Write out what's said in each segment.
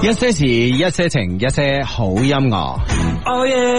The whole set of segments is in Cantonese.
一些事，一些情，一些好音樂。Oh, yeah,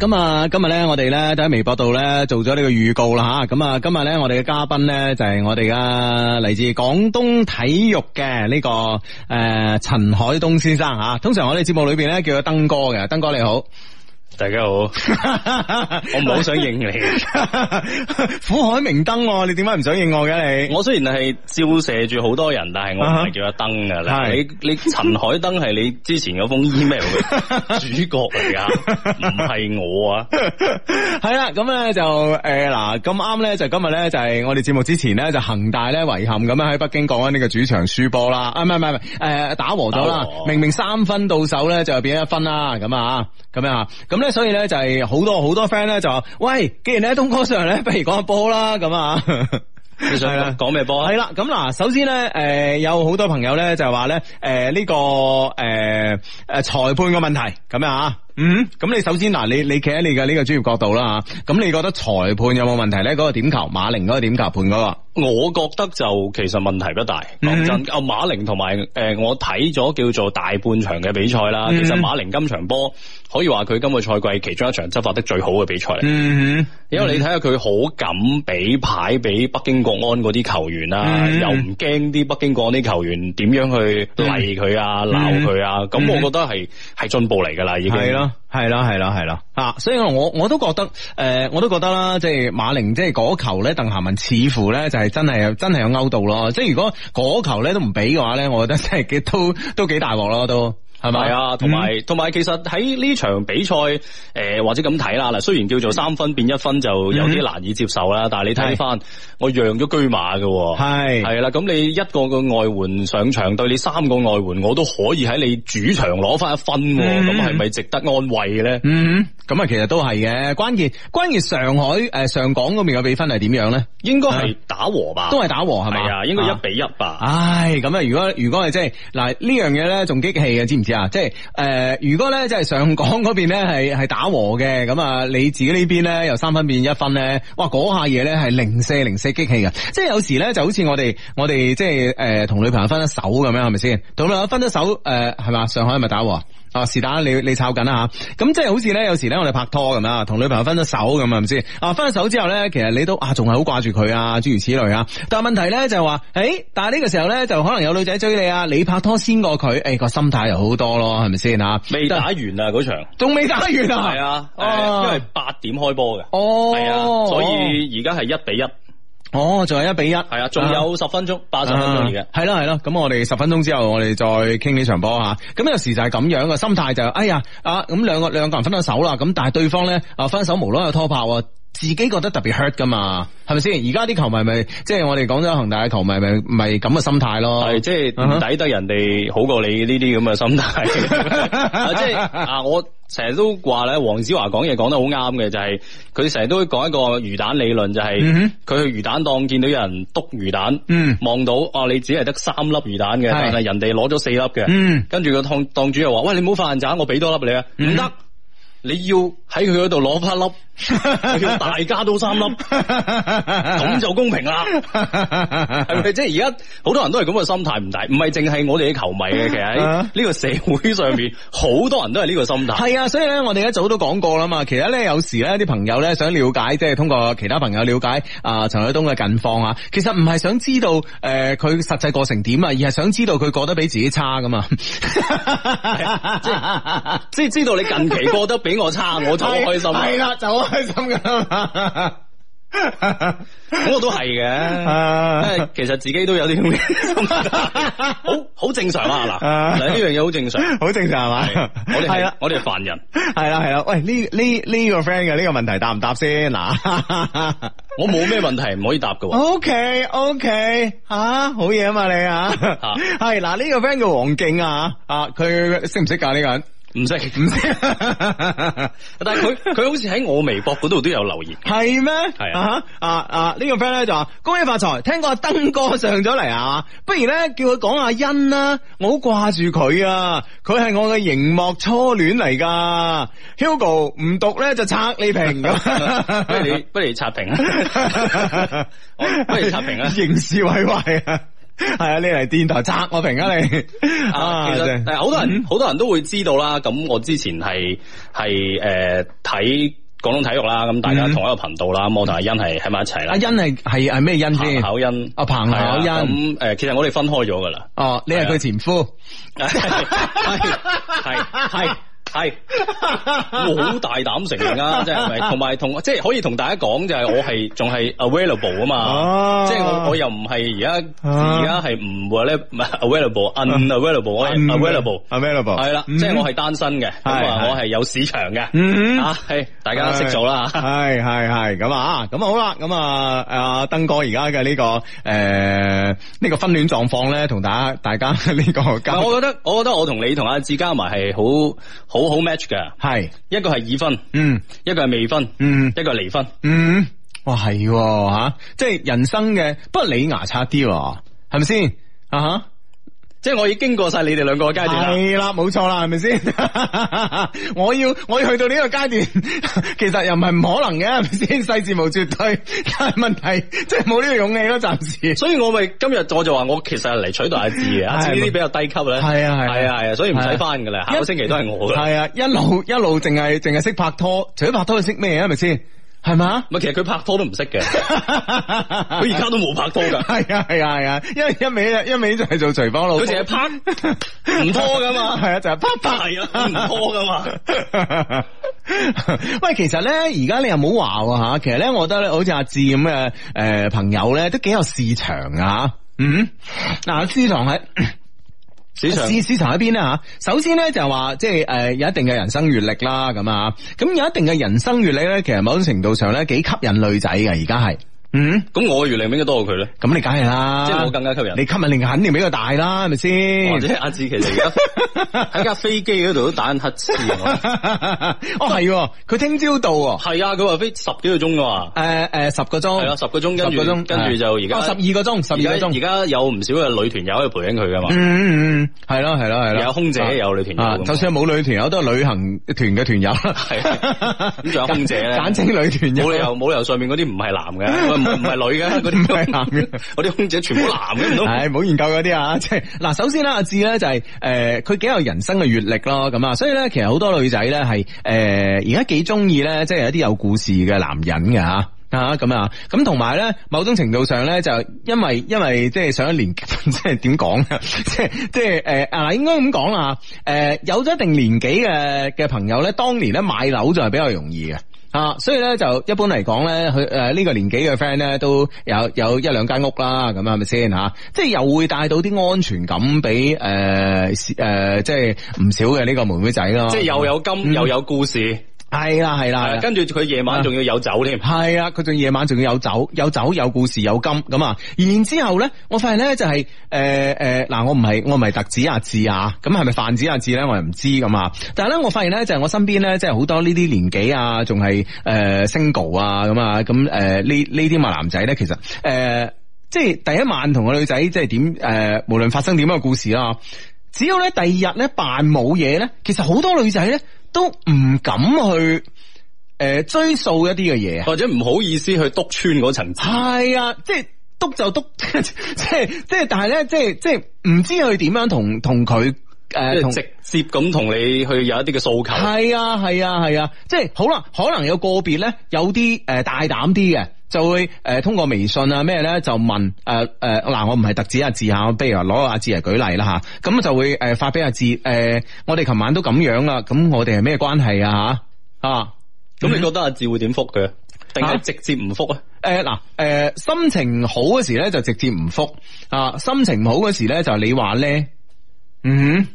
咁啊，今日咧，我哋咧就喺微博度咧做咗呢個預告啦吓。咁啊，今日咧，我哋嘅嘉賓咧就係我哋嘅嚟自廣東體育嘅呢個誒陳海東先生吓。通常我哋節目裏邊咧叫做登哥嘅，登哥你好。大家好，我唔係好想認你，苦 海明燈，啊，你點解唔想認我嘅你？我雖然係照射住好多人，但係我唔係叫阿燈噶，啊、你 你陳海燈係你之前嗰封 email 嘅主角嚟噶，唔係我啊。係啦， 咁咧就誒嗱，咁啱咧就是、今日咧就係、是、我哋節目之前咧就恒、是、大咧遺憾咁樣喺北京講緊呢個主場輸波啦，啊唔係唔係誒打和咗啦，和明，明明三分到手咧就變咗一分啦，咁啊咁樣啊咁。咁所以咧就係好多好多 friend 咧就話喂，既然你喺東哥上咧，不如講下波啦咁啊。你想講咩波？係啦，咁嗱，首先咧，誒，有好多朋友咧就係話咧，誒、呃、呢、這個誒誒、呃、裁判個問題咁啊，嗯，咁你首先嗱，你你企喺你嘅呢個專業角度啦吓，咁你覺得裁判有冇問題咧？嗰、那個點球馬寧嗰個點球判嗰、那個？我覺得就其實問題不大，講、嗯、哼真。阿馬寧同埋誒，我睇咗叫做大半場嘅比賽啦。嗯、哼其實馬寧今場波可以話佢今個賽季其中一場執法得最好嘅比賽嚟。嗯哼因為你睇下佢好敢俾牌俾北京國安嗰啲球員啦，嗯、哼又唔驚啲北京國安啲球員點樣去嚟佢啊鬧佢啊，咁、嗯、哼我覺得係係進步嚟噶啦，嗯、哼已經係咯。的係啦，係啦，係啦，吓、啊，所以我我都覺得，誒、呃，我都覺得啦，即、呃、係、就是、馬寧即係嗰球咧，鄧霞文似乎咧就係真係真係有勾到咯，即係如果嗰球咧都唔俾嘅話咧，我覺得真係幾都都幾大鑊咯，都。都係咪啊？同埋同埋，其實喺呢場比賽誒、呃，或者咁睇啦。嗱，雖然叫做三分變一分就有啲難以接受啦，嗯、但係你睇翻是我讓咗居馬嘅，係係啦。咁、啊、你一個個外援上場，對你三個外援，我都可以喺你主場攞翻一分，咁係咪值得安慰嘅咧？嗯，咁啊，其實都係嘅。關鍵關鍵，上海誒、呃，上港嗰邊嘅比分係點樣咧？應該係打和吧，啊、都係打和係咪啊，應該一比一吧、啊。唉，咁啊，如果如果係即係嗱呢樣嘢咧，仲激氣嘅，知唔知？啊，即係誒、呃，如果咧即係上港嗰邊咧係係打和嘅，咁啊你自己呢邊咧由三分變一分咧，哇嗰下嘢咧係零四零四激氣嘅，即係有時咧就好似我哋我哋即係誒、呃、同女朋友分咗手咁樣，係咪先？同女友分咗手誒係嘛？上海係咪打和？啊，是但，你你炒緊啦吓，咁、啊、即係好似咧，有時咧，我哋拍拖咁啊，同女朋友分咗手咁啊，係咪先？啊，分咗手之後咧，其實你都啊，仲係好掛住佢啊，諸如此類啊。但係問題咧就係話，誒、欸，但係呢個時候咧，就可能有女仔追你啊，你拍拖先過佢，誒、欸，個心態又好多咯，係咪先啊？未打完啊，嗰場但，仲未打完啊？係 啊，啊因為八點開波嘅，哦，係啊，所以而家係一比一。哦，仲係一比一，係啊，仲有十分鐘、啊，八十分鐘而嘅，係啦係啦，咁我哋十分鐘之後，我哋再傾呢場波吓。咁、啊、有時就係咁樣嘅心態就係，哎呀，啊，咁兩個兩個人分咗手啦，咁但係對方咧啊分手無啦啦拖拍，自己覺得特別 hurt 噶嘛，係咪先？而家啲球迷咪即係我哋講咗恒大嘅球迷咪咪咁嘅心態咯。係即係唔抵得人哋好過你呢啲咁嘅心態。 啊、即係啊，我成日都話咧，黃子華講嘢講得好啱嘅，就係佢成日都講一個魚蛋理論，就係佢去魚蛋檔見到有人篤魚蛋，望、mm hmm. 到啊，你只係得三粒魚蛋嘅，mm hmm. 但係人哋攞咗四粒嘅，跟住、mm hmm. 個檔主又話，喂，你唔好發爛渣，我俾多粒你啊，唔得、mm。Hmm. Mm hmm. 你要喺佢嗰度攞翻粒，要 大家都三粒，咁 就公平啦，係咪？即係而家好多人都係咁嘅心態，唔大，唔係淨係我哋嘅球迷嘅，其實喺呢個社會上邊，好多人都係呢個心態。係啊， 所以咧，我哋一早都講過啦嘛。其實咧，有時咧，啲朋友咧想了解，即係通過其他朋友了解啊，陳偉東嘅近況啊。其實唔係想知道誒，佢、呃、實際過程點啊，而係想知道佢過得比自己差噶嘛。 即係知道你近期過得比。比我差，我就好開心。係啦，就好開心噶。咁我都係嘅，其實自己都有啲咁嘅好好正常啊。嗱，呢樣嘢好正常，好正常係咪？我哋係，我哋係凡人。係啦係啦，喂，呢呢呢個 friend 嘅呢個問題答唔答先？嗱，我冇咩問題，唔可以答噶。OK OK，吓好嘢啊嘛你啊，係嗱呢個 friend 叫王勁啊，啊佢識唔識噶呢個人？唔識唔識，但係佢佢好似喺我微博嗰度都有留言，係咩？係啊，啊啊呢個 friend 咧就話恭喜發財，聽過阿登哥上咗嚟啊，不如咧叫佢講下欣啦，我好掛住佢啊，佢係我嘅熒幕初戀嚟噶，Hugo 唔讀咧就拆你屏咁，不如不如刷屏啊。不如刷屏啊。刑事毀壞。係 啊，你嚟電台拆我平啊你 啊，其實誒，好、 嗯、多人好多人都會知道啦。咁我之前係係誒睇廣東體育啦，咁大家同一個頻道啦，我同阿欣係喺埋一齊啦。阿、啊、欣係係係咩欣先、啊？彭巧欣。阿彭巧欣。咁誒、呃，其實我哋分開咗噶啦。哦，你係佢前夫。係係。係，我好大膽承認啊，即係咪、啊？同埋同即係可以同大家講，就係我係仲係 available 啊嘛是 available，即係我我又唔係而家而家係唔話咧，唔 available，unavailable，available，available，係啦，即係我係單身嘅，我係有市場嘅，啊，係、這個啊這個、大家識做啦，係係係咁啊，咁啊好啦，咁啊阿登哥而家嘅呢個誒呢個婚戀狀況咧，同大家大家呢個我，我覺得我覺得我同你同阿志加埋係好好。好好 match 噶，係一個係已婚，嗯，一個係未婚，嗯，一個係離婚，嗯，哇係吓、啊，即係人生嘅不離牙差啲，係咪先？啊吓。Uh huh. 即係我已經過晒你哋兩個階段啦，係啦，冇錯啦，係咪先？ 我要我要去到呢個階段，其實又唔係唔可能嘅，係咪先？世事無絕對，但係問題即係冇呢個勇氣咯，暫時。所以我咪今日我就話我其實係嚟取代阿志嘅，阿志呢啲比較低級咧。係啊係啊係啊，所以唔使翻噶啦，的下個星期都係我嘅。係啊，一路一路淨係淨係識拍拖，除咗拍拖，你識咩啊？係咪先？係嘛？唔係，其實佢拍拖都唔識嘅。佢而家都冇拍拖噶。係啊， 係啊，係啊，因為一味一味就係做廚房佬。佢淨係拍，唔拖噶嘛。係啊， 就係、拍、拍大係唔拖噶嘛。喂， 其實咧，而家你又冇話吓，其實咧，我覺得好似阿志咁嘅誒朋友咧，都幾有市場啊。嗯，嗱，私藏喺。市市市場喺邊咧吓？首先咧就係話即係誒，就是、有一定嘅人生閱歷啦，咁啊，咁有一定嘅人生閱歷咧，其實某種程度上咧幾吸引女仔嘅，而家係。嗯，咁我嘅餘量應該多過佢咧，咁你梗係啦，即係我更加吸引，你吸引力肯定比佢大啦，係咪先？或者阿志奇嚟而家喺架飛機嗰度都打乞嗤。哦係，佢聽朝到，係啊，佢話飛十幾個鐘噶，誒誒十個鐘，係十個鐘，跟住就而家十二個鐘，十二個鐘，而家有唔少嘅女團友去陪緊佢噶嘛，嗯嗯嗯，係咯係咯係咯，有空姐有女團友。就算冇女團友都係旅行團嘅團友，係，咁仲有空姐咧，簡稱女團友，冇理由冇理由上面嗰啲唔係男嘅。唔係女嘅，嗰啲唔係男嘅，我啲空姐全部男嘅，唔通？唉，唔好研究嗰啲啊！即係嗱，首先啦，阿志咧就係誒，佢幾有人生嘅閱歷咯，咁啊，所以咧，其實好多女仔咧係誒，而家幾中意咧，即係一啲有故事嘅男人嘅吓啊，咁啊，咁同埋咧，某種程度上咧，就因為因為即係上一年即係點講啊，即係即係誒啊，應該咁講啊。誒，有咗一定年紀嘅嘅朋友咧，當年咧買樓就係比較容易嘅。啊，所以咧就一般嚟講咧，佢，誒，呢個年紀嘅 friend 咧都有有一兩間屋啦，咁係咪先吓？即係又會帶到啲安全感俾、誒、呃、誒，呃、即係唔少嘅呢個妹妹仔咯。即係又有金、嗯、又有故事。係啦，係啦，了跟住佢夜晚仲要有酒添了。係啊，佢仲夜晚仲要有酒，了有酒有故事有金咁啊。樣然之後咧，我發現咧就係誒誒嗱，我唔係我唔係特指阿志啊，咁係咪泛指阿志咧？我又唔知咁啊。但係咧，我發現咧就係我身邊咧，即係好多呢啲年紀啊，仲係誒 single 啊咁啊咁誒呢呢啲嘛男仔咧，其實誒、呃、即係第一晚同個女仔即係點誒，無論發生點樣嘅故事啦，只要咧第二日咧扮冇嘢咧，其實好多女仔咧。都唔敢去誒追溯一啲嘅嘢，或者唔好意思去督穿嗰層。係啊，即係督就督， 即係即係，但係咧，即係即係唔知佢點樣同同佢誒、呃、直接咁同你去有一啲嘅訴求。係啊係啊係啊，啊，即係好啦，可能有個別咧有啲誒、呃、大膽啲嘅。就會誒通過微信啊咩咧，就問誒誒，嗱，我唔係特指阿志吓，我譬、啊、如話攞阿志嚟舉例啦吓，咁、啊、就會誒發俾阿志誒，我哋琴晚都咁樣啦，咁我哋係咩關係啊吓啊？咁、嗯、哼你覺得阿志會點覆佢？定係直接唔覆咧？誒嗱誒，心情好嗰時咧就直接唔覆啊，心情唔好嗰時咧就你話咧，嗯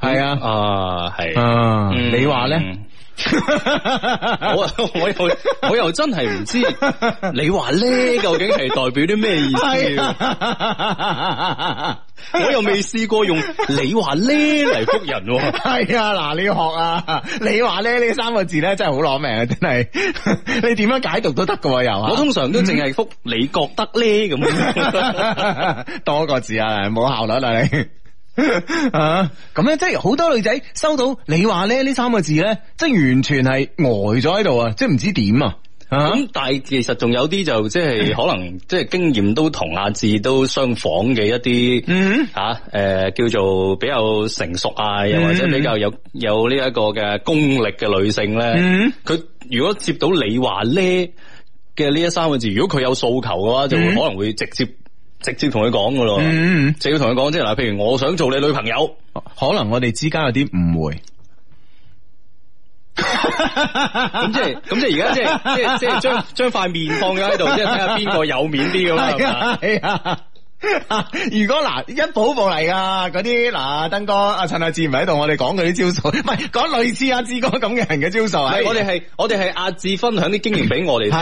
哼，係啊啊係啊，你話咧？ 我我又我又真係唔知，你話呢究竟係代表啲咩意思？哎、呀 我又未試過用你話呢嚟覆人。係啊，嗱，你要學啊！你話呢呢三個字咧，真係好攞命，啊。真係。你點樣解讀都得噶又。我通常都淨係覆你覺得呢咁， 多一個字啊，冇效率喇你。啊！咁咧，即係好多女仔收到你話咧呢三個字咧，即係完全係呆咗喺度啊！即係唔知點啊！咁、uh huh? 但係其實仲有啲就即係可能即係經驗都同阿志都相仿嘅一啲，吓誒、mm hmm. 啊呃、叫做比較成熟啊，又或者比較有有呢一個嘅功力嘅女性咧，佢、mm hmm. 如果接到你話咧嘅呢一三個字，如果佢有訴求嘅話，就會、mm hmm. 可能會直接。直接同佢講噶咯，嗯，直接同佢講即係，嗱，譬如我想做你女朋友，啊、可能我哋之間有啲誤會。咁即係，咁即係而家即係，即係即係將將塊面放咗喺度，即係睇下邊個有面啲咁 吧 如果嗱，一步步嚟噶嗰啲嗱，登、啊、哥阿陳阿志唔係喺度，我哋講佢啲招數，唔係講類似阿志哥咁嘅人嘅招數 是、啊。我哋係我哋係阿志分享啲經驗俾我哋聽，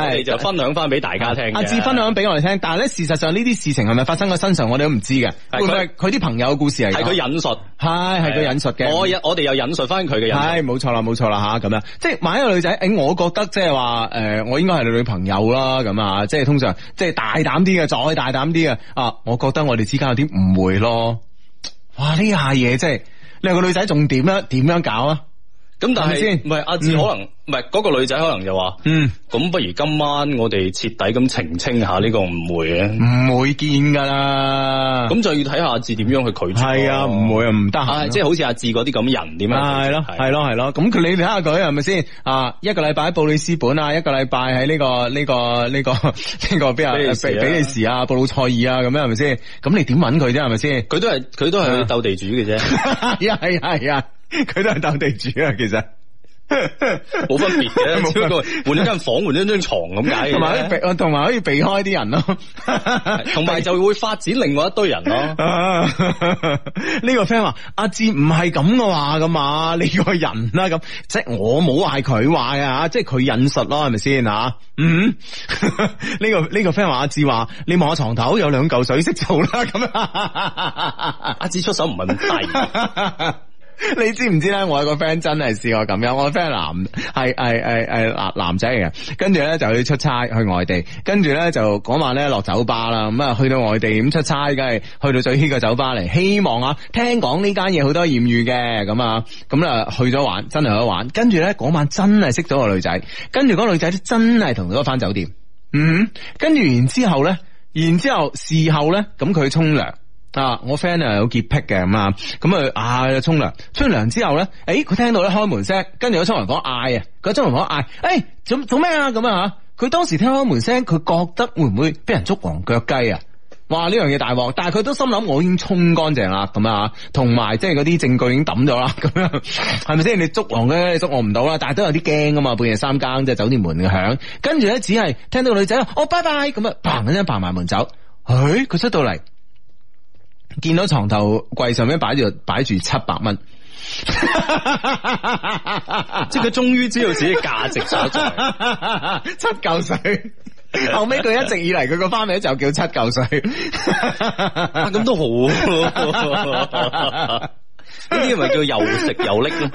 係就分享翻俾大家聽、啊。阿志分享俾我哋聽，但係咧事實上呢啲事情係咪發生喺身上，我哋都唔知嘅。佢啲他朋友嘅故事係，佢引述，係佢、啊、引述嘅是、啊。我我哋又引述翻佢嘅人，係冇錯啦，冇錯啦吓，咁、啊、樣即係買個女仔、欸，我覺得即係話誒，我應該係你女朋友啦，咁啊，即係通常即係、就是、大膽啲嘅，再大膽。啲啊啊！我覺得我哋之間有啲誤會咯。哇！呢下嘢真係你個女仔仲點樣點樣搞啊？咁但係先唔係阿志，可能唔係嗰個女仔可能就話，嗯，咁不如今晚我哋徹底咁澄清下呢個誤會咧，唔會見噶啦，咁就要睇下阿志點樣去拒絕。係啊，唔會啊，唔得閒，即係好似阿志嗰啲咁人點樣？係咯，係咯，係咯。咁佢你睇下佢係咪先啊？一個禮拜喺布里斯本啊，一個禮拜喺呢個呢個呢個呢個邊啊比利時啊，布魯塞爾啊，咁樣係咪先？咁你點揾佢啫？係咪先？佢都係佢都係鬥地主嘅啫，係啊係啊。佢都係鬥地主啊，其實冇分別嘅，別只不過換咗間房，換咗張床咁解，同埋同埋可以避開啲人咯。同埋 就會發展另外一堆人咯。呢 個 friend 話：阿志唔係咁嘅話噶嘛，你個人啦咁，即係我冇嗌佢話啊，即係佢引述咯，係咪先吓？嗯，呢、 這個呢、這個 friend 話：阿志話你望下床頭有兩嚿水，識做啦咁。樣 阿志出手唔係咁低。 你知唔知咧？我有個 friend 真係試過咁樣，我個 friend 男係係係係男男仔嚟嘅，跟住咧就去出差去外地，跟住咧就嗰晚咧落酒吧啦。咁啊，去到外地咁出差，梗係去到最 hit 嘅酒吧嚟，希望啊，聽講呢間嘢好多艷遇嘅咁啊，咁啊去咗玩，真係去咗玩。跟住咧嗰晚真係識咗個女仔，個女跟住嗰女仔真係同咗翻酒店。嗯，跟住然之後咧，然之後事後咧，咁佢去沖涼。啊！我 friend 啊、欸、有潔癖嘅咁啊，咁啊嗌沖涼，沖涼之後咧，誒佢聽到咧開門聲，跟住喺沖涼房嗌啊，佢喺沖涼房嗌，誒做做咩啊咁啊？佢當時聽開門聲，佢覺得會唔會俾人捉黃腳雞啊？哇！呢樣嘢大鑊，但係佢都心諗我已經沖乾淨啦，咁啊，同埋即係嗰啲證據已經抌咗啦，咁樣係咪先？你捉黃你捉我唔到啦，但係都有啲驚㗎嘛，半夜三更即係酒店門嘅響，跟住咧只係聽到女仔哦拜拜咁啊，嘭一聲扒埋門走，誒、欸、佢出到嚟。欸見到床頭櫃上面擺住擺住七百蚊， 即係佢終於知道自己價值所在， 七嚿水。 後尾，佢一直以嚟，佢個花名就叫七嚿水，咁 都、 啊、好。 遊遊呢啲咪叫又食又拎咯，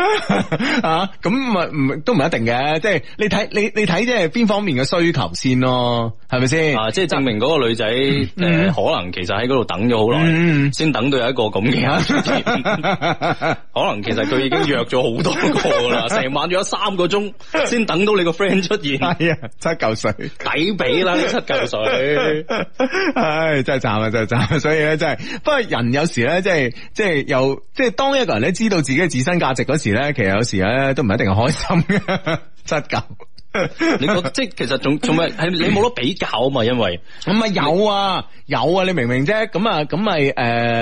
啊咁咪唔都唔一定嘅，即係你睇你你睇即係邊方面嘅需求先咯，係咪先？啊，即係證明嗰個女仔誒、嗯呃，可能其實喺嗰度等咗好耐，先、嗯、等到有一個咁嘅， 可能其實佢已經約咗好多個啦，成晚約咗三個鐘先等到你個 friend 出現，係啊、哎，七嚿水抵俾啦，七嚿水，唉 哎，真係慘啊，真係慘，所以咧真係，不過 人有時咧即係即係又即係當。當一個人咧知道自己嘅自身價值嗰時咧，其實有時咧都唔一定係開心嘅，足夠。 你覺得即係其實仲仲係係你冇得比較啊嘛，因為咁啊有、嗯嗯、有啊有啊，你明唔明啫？咁啊咁咪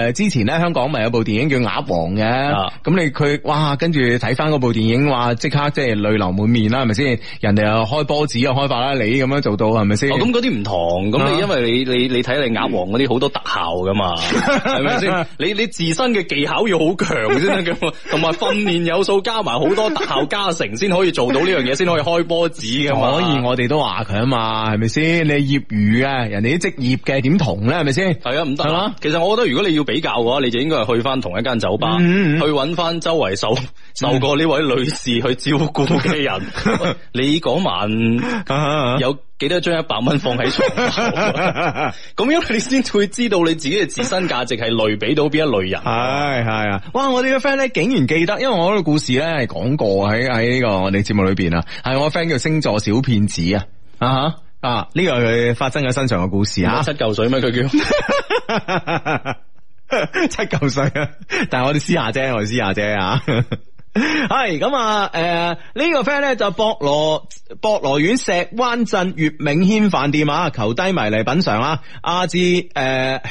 誒之前咧香港咪有部電影叫鴨王嘅？咁、啊、你佢哇跟住睇翻嗰部電影話即刻即係淚流滿面啦，係咪先？人哋又開波子又開發啦，你咁樣做到係咪先？哦、咁嗰啲唔同，咁你、啊、因為你你你睇你鴨王嗰啲好多特效噶嘛，係咪先？你你自身嘅技巧要好強先得嘅，同埋訓練有素加埋好多特效加成先可以做到呢樣嘢，先 可以開波子。只嘅可以，我哋都話佢啊嘛，係咪先？你業餘嘅，人哋啲職業嘅點同咧？係咪先？係啊，唔得。係、啊啊、其實我覺得如果你要比較嘅話，你就應該係去翻同一間酒吧，嗯、去揾翻周圍受、嗯、受過呢位女士去照顧嘅人。 你嗰晚 有。記得將一百蚊放喺床頭，咁樣 你先會知道你自己嘅自身價值係類比到邊一類人。係係啊，哇！我哋嘅 friend 咧竟然記得，因為我嗰個故事咧係講過喺喺呢個我哋節目裏邊啊，係我 friend 叫星座小騙子啊，啊啊呢個係佢發生喺身上嘅故事啊，七嚿水咩？佢叫七嚿水，啊。 但係我哋私下啫，我哋私下啫啊。係咁啊！誒，呃這個、呢個 friend 咧就博羅博羅縣石灣鎮月明軒飯店啊，求低迷嚟品嘗啊！阿志誒，響、呃、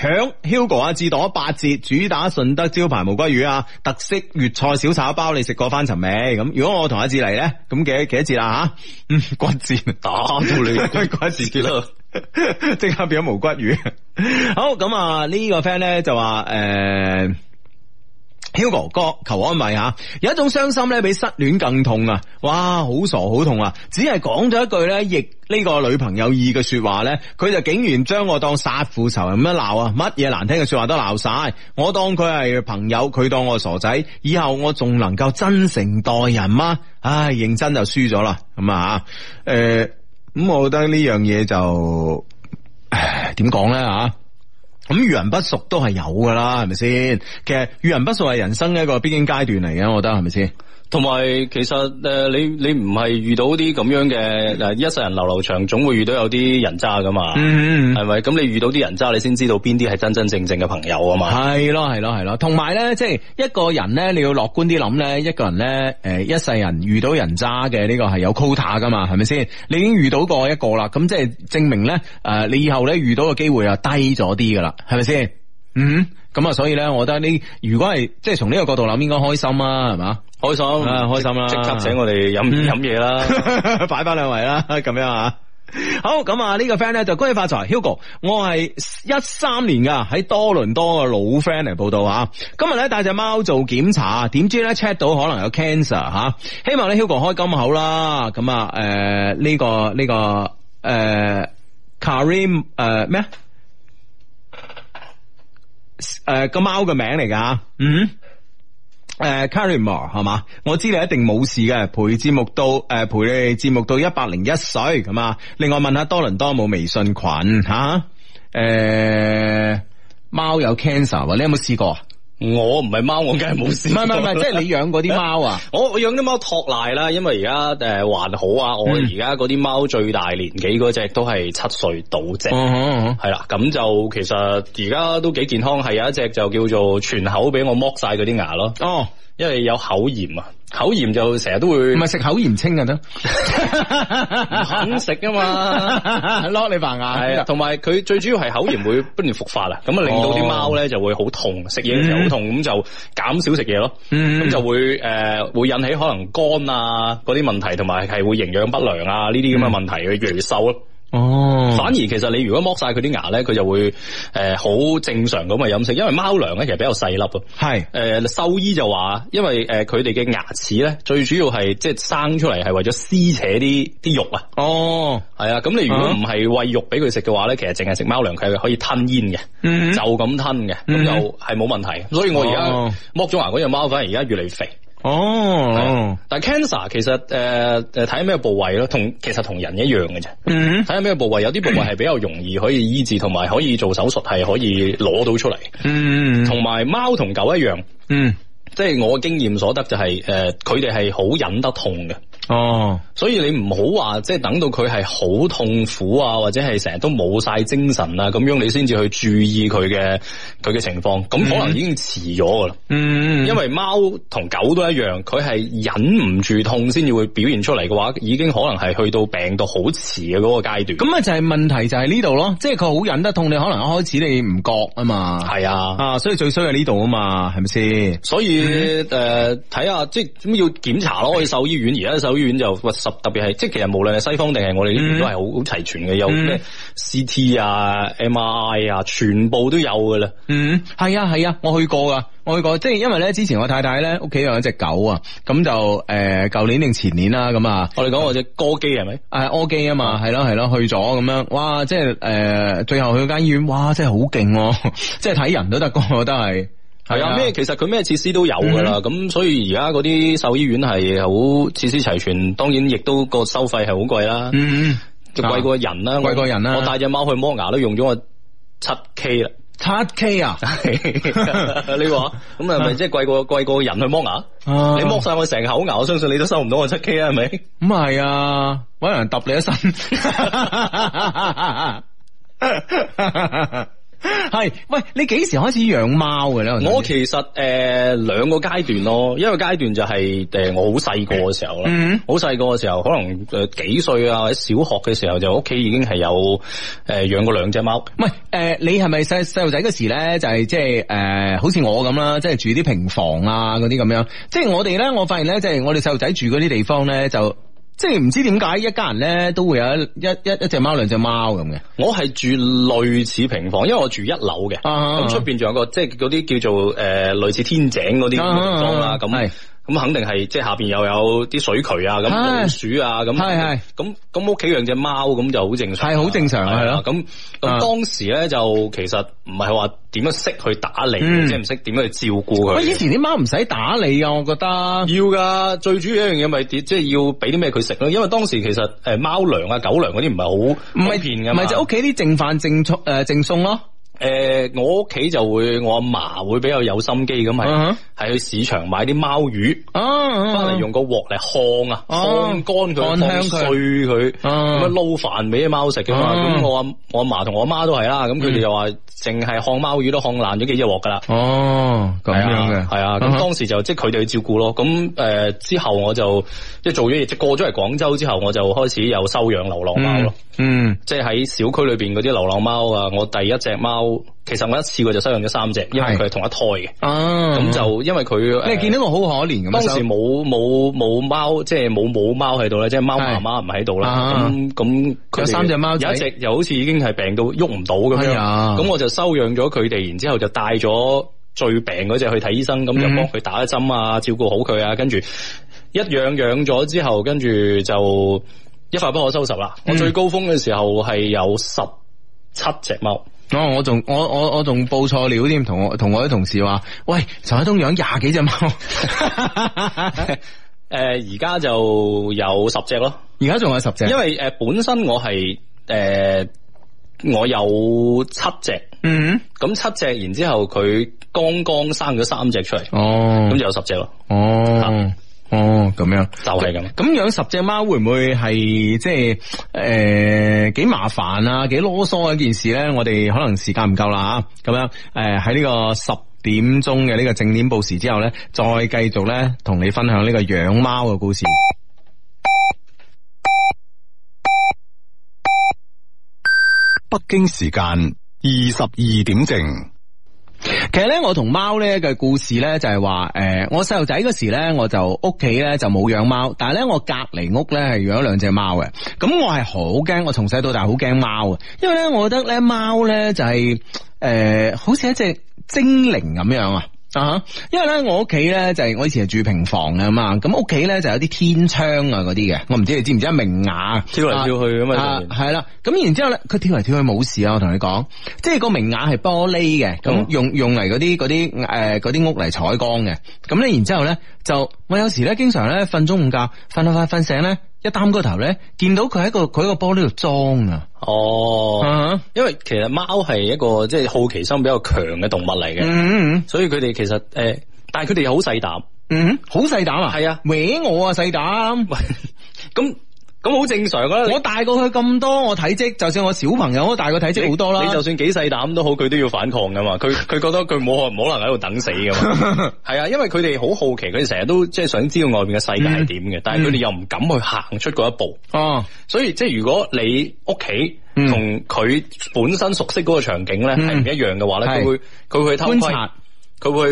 Hugo 阿、啊、志多八折，主打順德招牌無骨魚啊，特色粵菜小炒包，你食過翻尋味？咁如果我同阿志嚟咧，咁幾幾多折啦？吓，嗯，骨折 打到你，骨折咯，即刻 變咗無骨魚。好，咁啊，這個、呢個 friend 咧就話誒。呃呃 Hugo 哥求安慰吓，有一種傷心咧比失戀更痛啊！哇，好傻好痛啊！只係講咗一句咧，逆呢個女朋友二嘅說話咧，佢就竟然將我當殺父仇人咁樣鬧啊！乜嘢難聽嘅說話都鬧晒，我當佢係朋友，佢當我傻仔，以後我仲能夠真誠待人嗎？唉，認真就輸咗啦，咁啊，誒、呃，咁我覺得呢樣嘢就誒，點講咧啊？咁遇人不淑都係有噶啦，係咪先？其實遇人不淑係人生一個必經階段嚟嘅，我覺得係咪先？同埋，其實誒，你你唔係遇到啲咁樣嘅誒，一世人流流長，總會遇到有啲人渣噶嘛。嗯，嗯，係咪？咁你遇到啲人渣，你先知道邊啲係真真正正嘅朋友啊嘛。係咯，係咯，係咯。同埋咧，即係一個人咧，你要樂觀啲諗咧，一個人咧，誒、呃，一世人遇到人渣嘅呢、這個係有 quota 噶嘛？係咪先？你已經遇到過一個啦，咁即係證明咧，誒、呃，你以後咧遇到嘅機會啊低咗啲噶啦，係咪先？嗯，咁啊，所以咧，我覺得你如果係即係從呢個角度諗，應該開心啊，係嘛？開心啊，開心啦！即刻請我哋飲飲嘢啦，擺翻兩位啦，咁樣啊。好，咁啊呢個 friend 咧就恭喜發財，Hugo，我係一三年噶喺多倫多嘅老 friend 嚟報道啊。今日咧帶隻貓做檢查，點知咧 check 到可能有 cancer 吓、啊，希望咧 Hugo 開金口啦。咁啊，誒、呃、呢、這個呢、這個誒 Kareem 誒咩啊？誒個貓嘅名嚟噶，嗯、hmm.。誒 Carrymore 係嘛？我知你一定冇事嘅，陪節目到誒，陪你節目到一百零一歲咁啊！另外問下多倫多有冇微信群吓？誒、uh, uh, 貓有 cancer，啊，你有冇試過？我唔係貓，我梗係冇事。唔係唔係唔係，即係你養嗰啲貓啊？我我養啲貓托賴啦，因為而家誒還好啊。我而家嗰啲貓最大年紀嗰隻都係七歲到啫，係啦、嗯。咁就其實而家都幾健康，係有一隻就叫做全口俾我剝晒嗰啲牙咯。哦，因為有口炎啊。口炎就成日都會，唔係食口炎清就得， 唔肯食啊嘛，係咯你扮牙，係啊，同埋佢最主要係口炎會不斷復發啦，咁啊 令到啲貓咧就會好痛，食嘢就好痛，咁就減少食嘢咯，咁、嗯、就會誒、呃、會引起可能肝啊嗰啲問題，同埋係會營養不良啊呢啲咁嘅問題，佢、嗯、越嚟越瘦咯。哦，反而其實你如果剝晒佢啲牙咧，佢就會誒好、呃、正常咁啊飲食，因為貓糧咧其實比較細粒咯。係誒是，獸、呃、醫就話，因為誒佢哋嘅牙齒咧，最主要係即係生出嚟係為咗撕扯啲啲肉、哦、啊。哦，係啊，咁你如果唔係餵肉俾佢食嘅話咧，其實淨係食貓糧佢係可以吞煙嘅，嗯嗯就咁吞嘅，咁、嗯嗯、就係冇問題。所以我而家剝咗牙嗰隻貓，反而而家越嚟越肥。哦，哦但係 cancer 其實誒誒睇咩部位咯，同其實同人一樣嘅啫，睇下咩部位，有啲部位係比較容易可以醫治，同埋，嗯，可以做手術係可以攞到出嚟，嗯，嗯，同埋貓同狗一樣，嗯，即係我經驗所得就係誒佢哋係好忍得痛嘅。哦，oh. 所以你唔好話即係等到佢係好痛苦啊，或者係成日都冇晒精神啊，咁樣你先至去注意佢嘅佢嘅情況，咁可能已經遲咗噶啦。嗯，mm. 因為貓同狗都一樣，佢係忍唔住痛先至會表現出嚟嘅話，已經可能係去到病到好遲嘅嗰個階段。咁啊就係問題就係呢度咯，即係佢好忍得痛，你可能一開始你唔覺啊嘛。係啊，啊，所以最衰係呢度啊嘛，係咪先？所以誒，睇、呃、下即係、就是、要檢查咯，去獸醫院而家醫院就十特別係，即係其實無論係西方定係我哋呢邊都係好好齊全嘅，嗯、有咩 CT 啊、MRI 啊，全部都有嘅啦。嗯，係啊係啊，我去過噶，我去過，即係因為咧，之前我太太咧屋企養一隻狗、呃嗯、啊，咁就誒舊年定前年啦，咁啊，我哋講我隻柯基係咪？誒柯、啊、基啊嘛，係咯係咯，去咗咁樣，哇！即係誒、呃，最後去間醫院，哇！真係好勁，即係睇人都得，我覺得。係啊，咩其實佢咩設施都有噶啦，咁、嗯哼嗯、所以而家嗰啲獸醫院係好設施齊全，當然亦都個收費係好貴啦，嗯，就貴過人啦，貴、啊、我過人啦、啊。我帶隻貓去剝牙都用咗我七 K 啦，七 K 啊？ 你話咁係咪即係貴過貴過人去剝牙？啊、你剝晒我成口牙，我相信你都收唔到我七 K 啊，係咪？咁係啊，揾人揼你一身。 係喂，你幾時開始養貓嘅咧？我其實誒兩個階段咯，一個階段就係誒我好細個嘅時候啦，好細個嘅時候可能誒幾歲啊或者小學嘅時候就屋企已經係有誒養過兩隻貓。唔係誒，你係咪細細路仔嗰時咧就係即係誒好似我咁啦，即係住啲平房啊嗰啲咁樣，即係我哋咧，我發現咧即係我哋細路仔住嗰啲地方咧就。即係唔知點解一家人咧都會有一一一隻貓兩隻貓咁嘅。我係住類似平房，因為我住一樓嘅。咁出邊仲有個即係嗰啲叫做誒、呃、類似天井嗰啲咁嘅地方啦。咁、啊哈咁。係。咁肯定係，即係下邊又有啲水渠啊，咁老鼠啊，咁，係係，咁咁屋企養隻貓咁就好正常，係好正常啊，係咯，咁咁當時咧就其實唔係話點樣識去打理，即係唔識點樣去照顧佢。我以前啲貓唔使打理啊，我覺得要噶，最主要一樣嘢咪即係要俾啲咩佢食咯，因為當時其實誒貓糧啊、狗糧嗰啲唔係好唔係平噶，咪就屋企啲剩飯剩餸誒剩餸咯。誒，我屋企就會我阿嫲會比較有心機咁係，係去市場買啲貓魚，啊，翻嚟用個鑊嚟烘啊，烘乾佢，烘碎佢，咁樣撈飯俾啲貓食嘅嘛。咁我我阿嫲同我阿媽都係啦，咁佢哋又話淨係烘貓魚都烘爛咗幾隻鑊噶啦。哦，咁樣嘅，係啊。咁當時就即係佢哋去照顧咯。咁誒之後我就即係做咗嘢，即係過咗嚟廣州之後，我就開始有收養流浪貓咯。嗯，即係喺小區裏邊嗰啲流浪貓啊，我第一隻貓。其實我一次過就收養咗三隻，因為佢係同一胎嘅。咁、啊、就因為佢你見到我好可憐咁，當時冇冇冇貓，即係冇冇貓喺度咧，即係貓媽媽唔喺度啦。咁、就、咁有三隻貓，有一隻又好似已經係病到喐唔到咁樣，咁、哎、呀我就收養咗佢哋，然之後就帶咗最病嗰隻去睇醫生，咁就幫佢打一針啊，照顧好佢啊，跟住一養養咗之後，跟住就一發不可收拾啦。嗯、我最高峰嘅時候係有十七隻貓。哦，我仲我我我仲報錯料添，同我同我啲同事話，喂，陳一東養廿幾隻貓，誒，而家就有十隻咯，而家仲有十隻，因為誒、呃、本身我係誒、呃、我有七隻，嗯哼，咁七隻，然之後佢剛剛生咗三隻出嚟，哦，咁就有十隻咯，哦。啊。哦，咁樣就係咁。咁養十隻貓會唔會係即係誒幾麻煩啊？幾囉嗦嘅一件事呢，我哋可能時間唔夠啦吓。咁樣啊誒喺呢個十點鐘嘅呢個正點報時之後呢，再繼續呢，同你分享呢個養貓嘅故事。北京時間二十二點正。其實咧，我同貓咧嘅故事咧就係話，誒，我細路仔嗰時咧，我就屋企咧就冇養貓，但係咧我隔籬屋咧係養咗兩隻貓嘅，咁我係好驚，我從細到大好驚貓啊，因為咧我覺得咧貓咧就係、是、誒、呃，好似一隻精靈咁樣啊。啊！Uh huh. 因為咧，我屋企咧就係我以前係住平房吖嘛，咁屋企咧就有啲天窗啊嗰啲嘅，我唔知你知唔知明瓦跳嚟跳去咁嘛。係啦、啊，咁面、啊、然之後咧，佢跳嚟跳去冇事啊，我同你講，即係個明瓦係玻璃嘅，咁、嗯、用用嚟嗰啲啲誒啲屋嚟採光嘅，咁咧然之後咧就。我有時咧，經常咧瞓中午覺，瞓到瞓瞓醒咧，一擔個頭咧，見到佢喺個佢個玻璃度裝啊！哦，因為其實貓係一個即係好奇心比較強嘅動物嚟嘅。嗯嗯嗯，所以佢哋其實誒、呃，但係佢哋又好細膽，嗯，嗯，好細膽啊，係啊，歪我啊細膽，咁。 咁好正常啊！我大過佢咁多，我體積，就算我小朋友我大過體積好多啦。你就算幾細膽都好，佢都要反抗噶嘛。佢佢覺得佢冇可冇可能喺度等死噶嘛。係啊， 因為佢哋好好奇，佢哋成日都即係想知道外面嘅世界係點嘅。嗯、但係佢哋又唔敢去行出嗰一步。哦，所以即係如果你屋企同佢本身熟悉嗰個場景咧係唔一樣嘅話咧，佢、嗯、會佢的會去偷察，佢會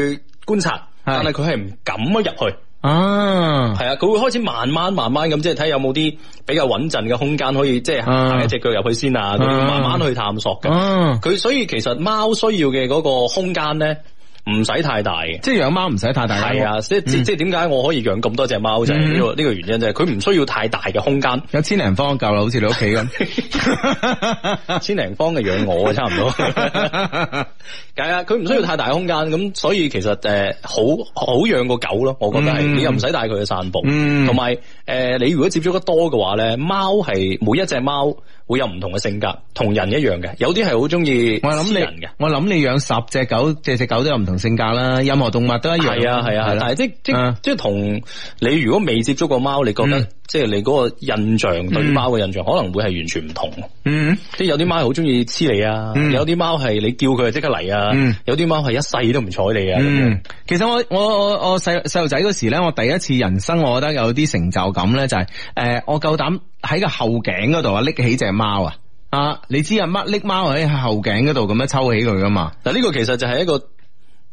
觀察，觀察但係佢係唔敢去入去。啊，係啊，佢會開始慢慢慢慢咁，即係睇有冇啲比較穩陣嘅空間可以，啊、即係行一隻腳入去先啊，咁樣慢慢去探索嘅。嗯、啊，佢所以其實貓需要嘅嗰個空間咧。唔使太大嘅，即係養貓唔使太大。係啊，即係即係點解我可以養咁多隻貓就係呢個呢個原因就係。佢唔需要太大嘅空間，有千零方夠啦，好似你屋企咁， 千零方嘅養我啊差唔多。係 啊，佢唔需要太大嘅空間，咁所以其實誒、呃、好好養過狗咯，我覺得係，嗯、你又唔使帶佢去散步，同埋誒你如果接觸得多嘅話咧，貓係每一隻貓。會有唔同嘅性格，同人一樣嘅，有啲係好中意黐人嘅。我諗你養十隻狗，只只狗都有唔同性格啦。任何動物都一樣。係啊係啊，嗯、但係即即即同你如果未接觸過貓，你覺得即係你嗰個印象對貓嘅印象可能會係完全唔同。嗯，即係有啲貓係好中意黐你啊，有啲貓係你叫佢就即刻嚟啊，有啲貓係一世都唔睬你啊。嗯、其實我我我細細路仔嗰時咧，我第一次人生我覺得有啲成就感咧，就係、是、誒、呃、我夠膽。喺個後頸嗰度啊，拎起隻貓啊，啊，你知啊，媽拎貓喺後頸嗰度咁樣抽起佢噶嘛？嗱，呢個其實就係一個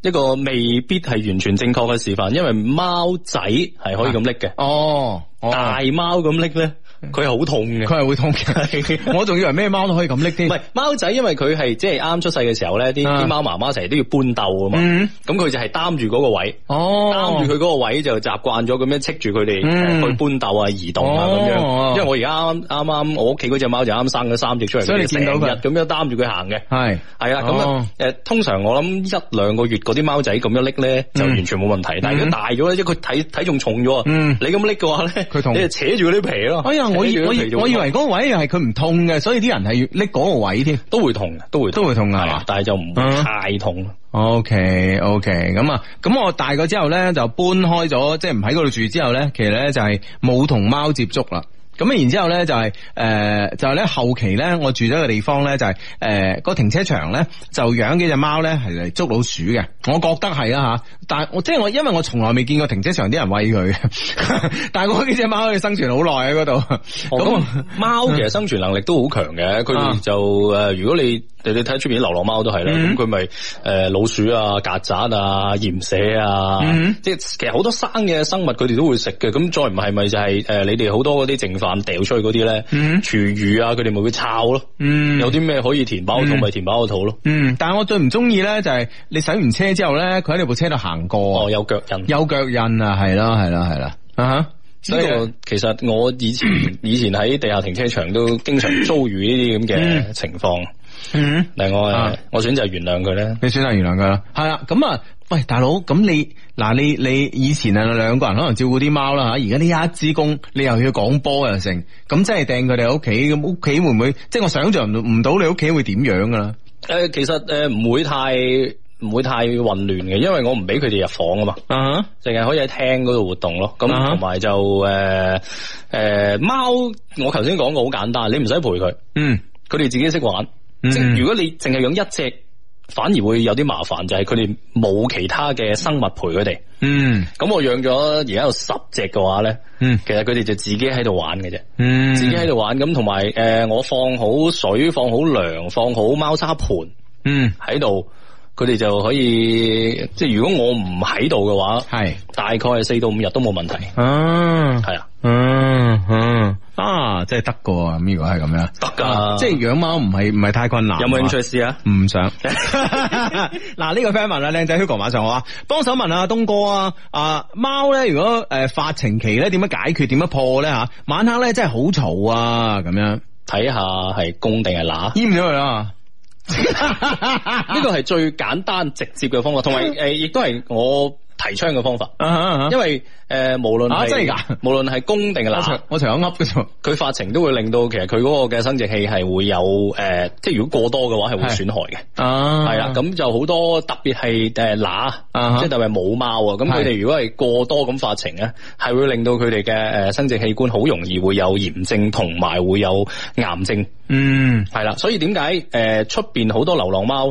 一個未必係完全正確嘅示範，因為貓仔係可以咁拎嘅，哦，哦，大貓咁拎咧。佢係好痛嘅，佢係會痛嘅。我仲以為咩貓都可以咁拎啲，唔係貓仔，因為佢係即係啱出世嘅時候咧，啲啲貓媽媽成日都要搬竇啊嘛。咁佢就係擔住嗰個位，擔住佢嗰個位就習慣咗咁樣斥住佢哋去搬竇啊、移動啊咁樣。因為我而家啱啱我屋企嗰隻貓就啱生咗三隻出嚟，成日咁樣擔住佢行嘅。係係啊，咁啊，誒，通常我諗一兩個月嗰啲貓仔咁樣拎咧就完全冇問題，但係佢大咗咧，即佢體體重重咗，你咁拎嘅話咧，佢同你扯住嗰啲皮咯。哎呀～我我我以為嗰個位係佢唔痛嘅，所以啲人係搦嗰個位添，都會痛嘅，都會都會痛啊！對但係就唔太痛。OK OK，咁啊，咁、okay, okay，我大個之後咧，就搬開咗，即係唔喺嗰度住之後咧，其實咧就係冇同貓接觸啦。咁啊，然之後咧就係誒就係咧後期咧，我住咗個地方咧，就係誒個停車場咧，就養幾隻貓咧係嚟捉老鼠嘅。我覺得係啊吓，但係我即係我，因為我從來未見過停車場啲人餵佢，但係幾隻貓可以生存好耐喺嗰度。咁貓其實生存能力都好強嘅，佢就誒如果你你睇出邊啲流浪貓都係啦，咁佢咪誒老鼠啊、曱甴啊、鹽蛇啊，即係其實好多生嘅生物佢哋都會食嘅。咁再唔係咪就係誒你哋好多啲剩飯。掟掉出去嗰啲咧，廚餘、嗯、哼啊，佢哋咪會抄咯，嗯、有啲咩可以填飽個肚咪填飽個肚咯。嗯，但係我最唔中意咧就係你洗完車之後咧，佢喺你部車度行過，哦有腳印，有腳印啊，係啦係啦係啦，啊，uh huh. 所以我、這個、其實我以前以前喺地下停車場都經常遭遇呢啲咁嘅情況。嗯嗯，另外，誒、啊，我選擇原諒佢咧，你選擇原諒佢啦，係啦。咁啊，喂，大佬，咁你嗱你你，你以前啊兩個人可能照顧啲貓啦吓，而家呢一支公，你又要講波又成，咁真係掟佢哋喺屋企，咁屋企會唔會即係我想象唔到你屋企會點樣噶啦？誒、呃，其實誒唔、呃、會太唔會太混亂嘅，因為我唔俾佢哋入房啊嘛，啊、uh，淨、huh. 係可以喺廳嗰度活動咯。咁同埋就誒誒貓，我頭先講過好簡單，你唔使陪佢，嗯、uh，佢、huh. 哋自己識玩。嗯、如果你淨係養一隻，反而會有啲麻煩，就係佢哋冇其他嘅生物陪佢哋。嗯，咁我養咗而家有十隻嘅話咧，嗯，其實佢哋就自己喺度玩嘅啫，嗯，自己喺度玩。咁同埋誒，我放好水，放好糧，放好貓砂盤，嗯，喺度，佢哋就可以。即係如果我唔喺度嘅話，係是大概係四到五日都冇問題。啊，係的啊，嗯、啊、哼。啊，真係得個啊，呢個係咁樣，得噶，即係養貓唔係唔係太困難。有冇興趣試啊？唔想。 嗱，呢個 friend 問靚仔 Hugo，晚上我啊，幫手問下東哥啊，啊，貓咧，如果誒發情期咧，點樣解決？點樣破咧？吓、啊，晚黑咧真係好嘈啊，咁樣睇下係公定係乸，閹咗佢啦。呢個係最簡單直接嘅方法，同埋誒，亦都係我，提倡嘅方法，uh huh, uh huh. 因為誒、呃、無論、uh huh. 無論係公定乸，我隨口噏嘅啫。佢發情都會令到其實佢嗰個嘅生殖器係會有誒、呃，即係如果過多嘅話係會損害嘅。係啦、uh，咁、huh. 就好多特別係誒乸，uh huh. 即係特別係母貓啊。咁佢哋如果係過多咁發情咧，係、uh huh. 會令到佢哋嘅誒生殖器官好容易會有炎症同埋會有癌症。嗯、uh，係、huh. 啦，所以點解誒出邊好多流浪貓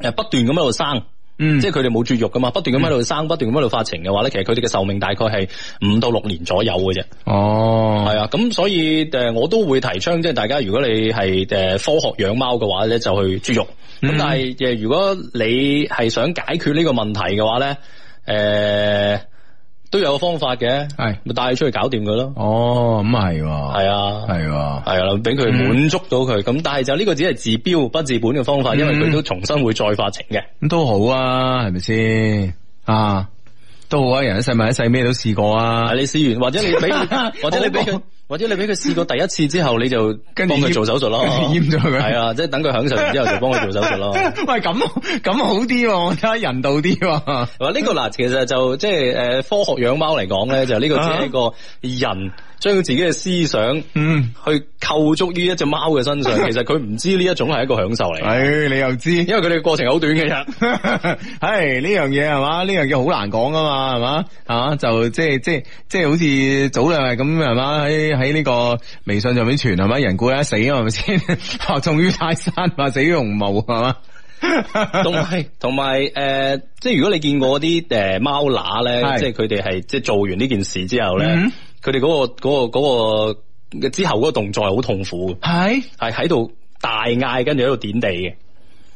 誒不斷咁喺度生？嗯，即係佢哋冇絕育噶嘛，不斷咁喺度生，不斷咁喺度發情嘅話咧，其實佢哋嘅壽命大概係五到六年左右嘅啫。哦，係啊，咁所以誒，我都會提倡，即係大家如果你係誒科學養貓嘅話咧，就去絕育。咁但係誒，嗯、如果你係想解決呢個問題嘅話咧，誒、呃。都有個方法嘅，係咪是帶佢出去搞掂佢咯？哦，咁啊係喎，係啊，係喎、啊，係啦、啊，俾佢、啊、滿足到佢咁，嗯、但係就呢個只係治標不治本嘅方法，嗯、因為佢都重新會再發情嘅。咁、嗯、都好啊，係咪先啊？都好啊，人一世，物一,一世，咩都試過啊。啊你試完，或者你俾，或者你俾佢棒，或者你俾佢試過第一次之後，你就幫佢做手術咯。閹咗佢，係啊，即、就、係、是、等佢享受完之後，就幫佢做手術咯。 喂，咁咁好啲、啊，我睇下人道啲、啊。話呢、啊這個嗱，其實就即係誒，就是、科學養貓嚟講咧，就呢、是、個只係一個人。將佢自己嘅思想，嗯，去扣足於一隻貓嘅身上，嗯、其實佢唔知呢一種係一個享受嚟。唉、 哎，你又知，因為佢哋過程好短嘅啫。係呢樣嘢係嘛？呢樣嘢好難講噶嘛？係嘛？吓，就即係即係即係，好、就、似、是就是、早兩日咁係嘛？喺喺呢個微信上面傳係嘛？人固一死係咪先？或重於泰山嘛，死於鴻毛係嘛？同埋同埋誒，即 係、呃就是、如果你見過啲誒貓乸咧， 即係佢哋係即係做完呢件事之後咧。嗯嗯佢哋嗰個嗰、嗰個、嗰個之後嗰個動作係好痛苦嘅，係係喺度大嗌，跟住喺度點地嘅，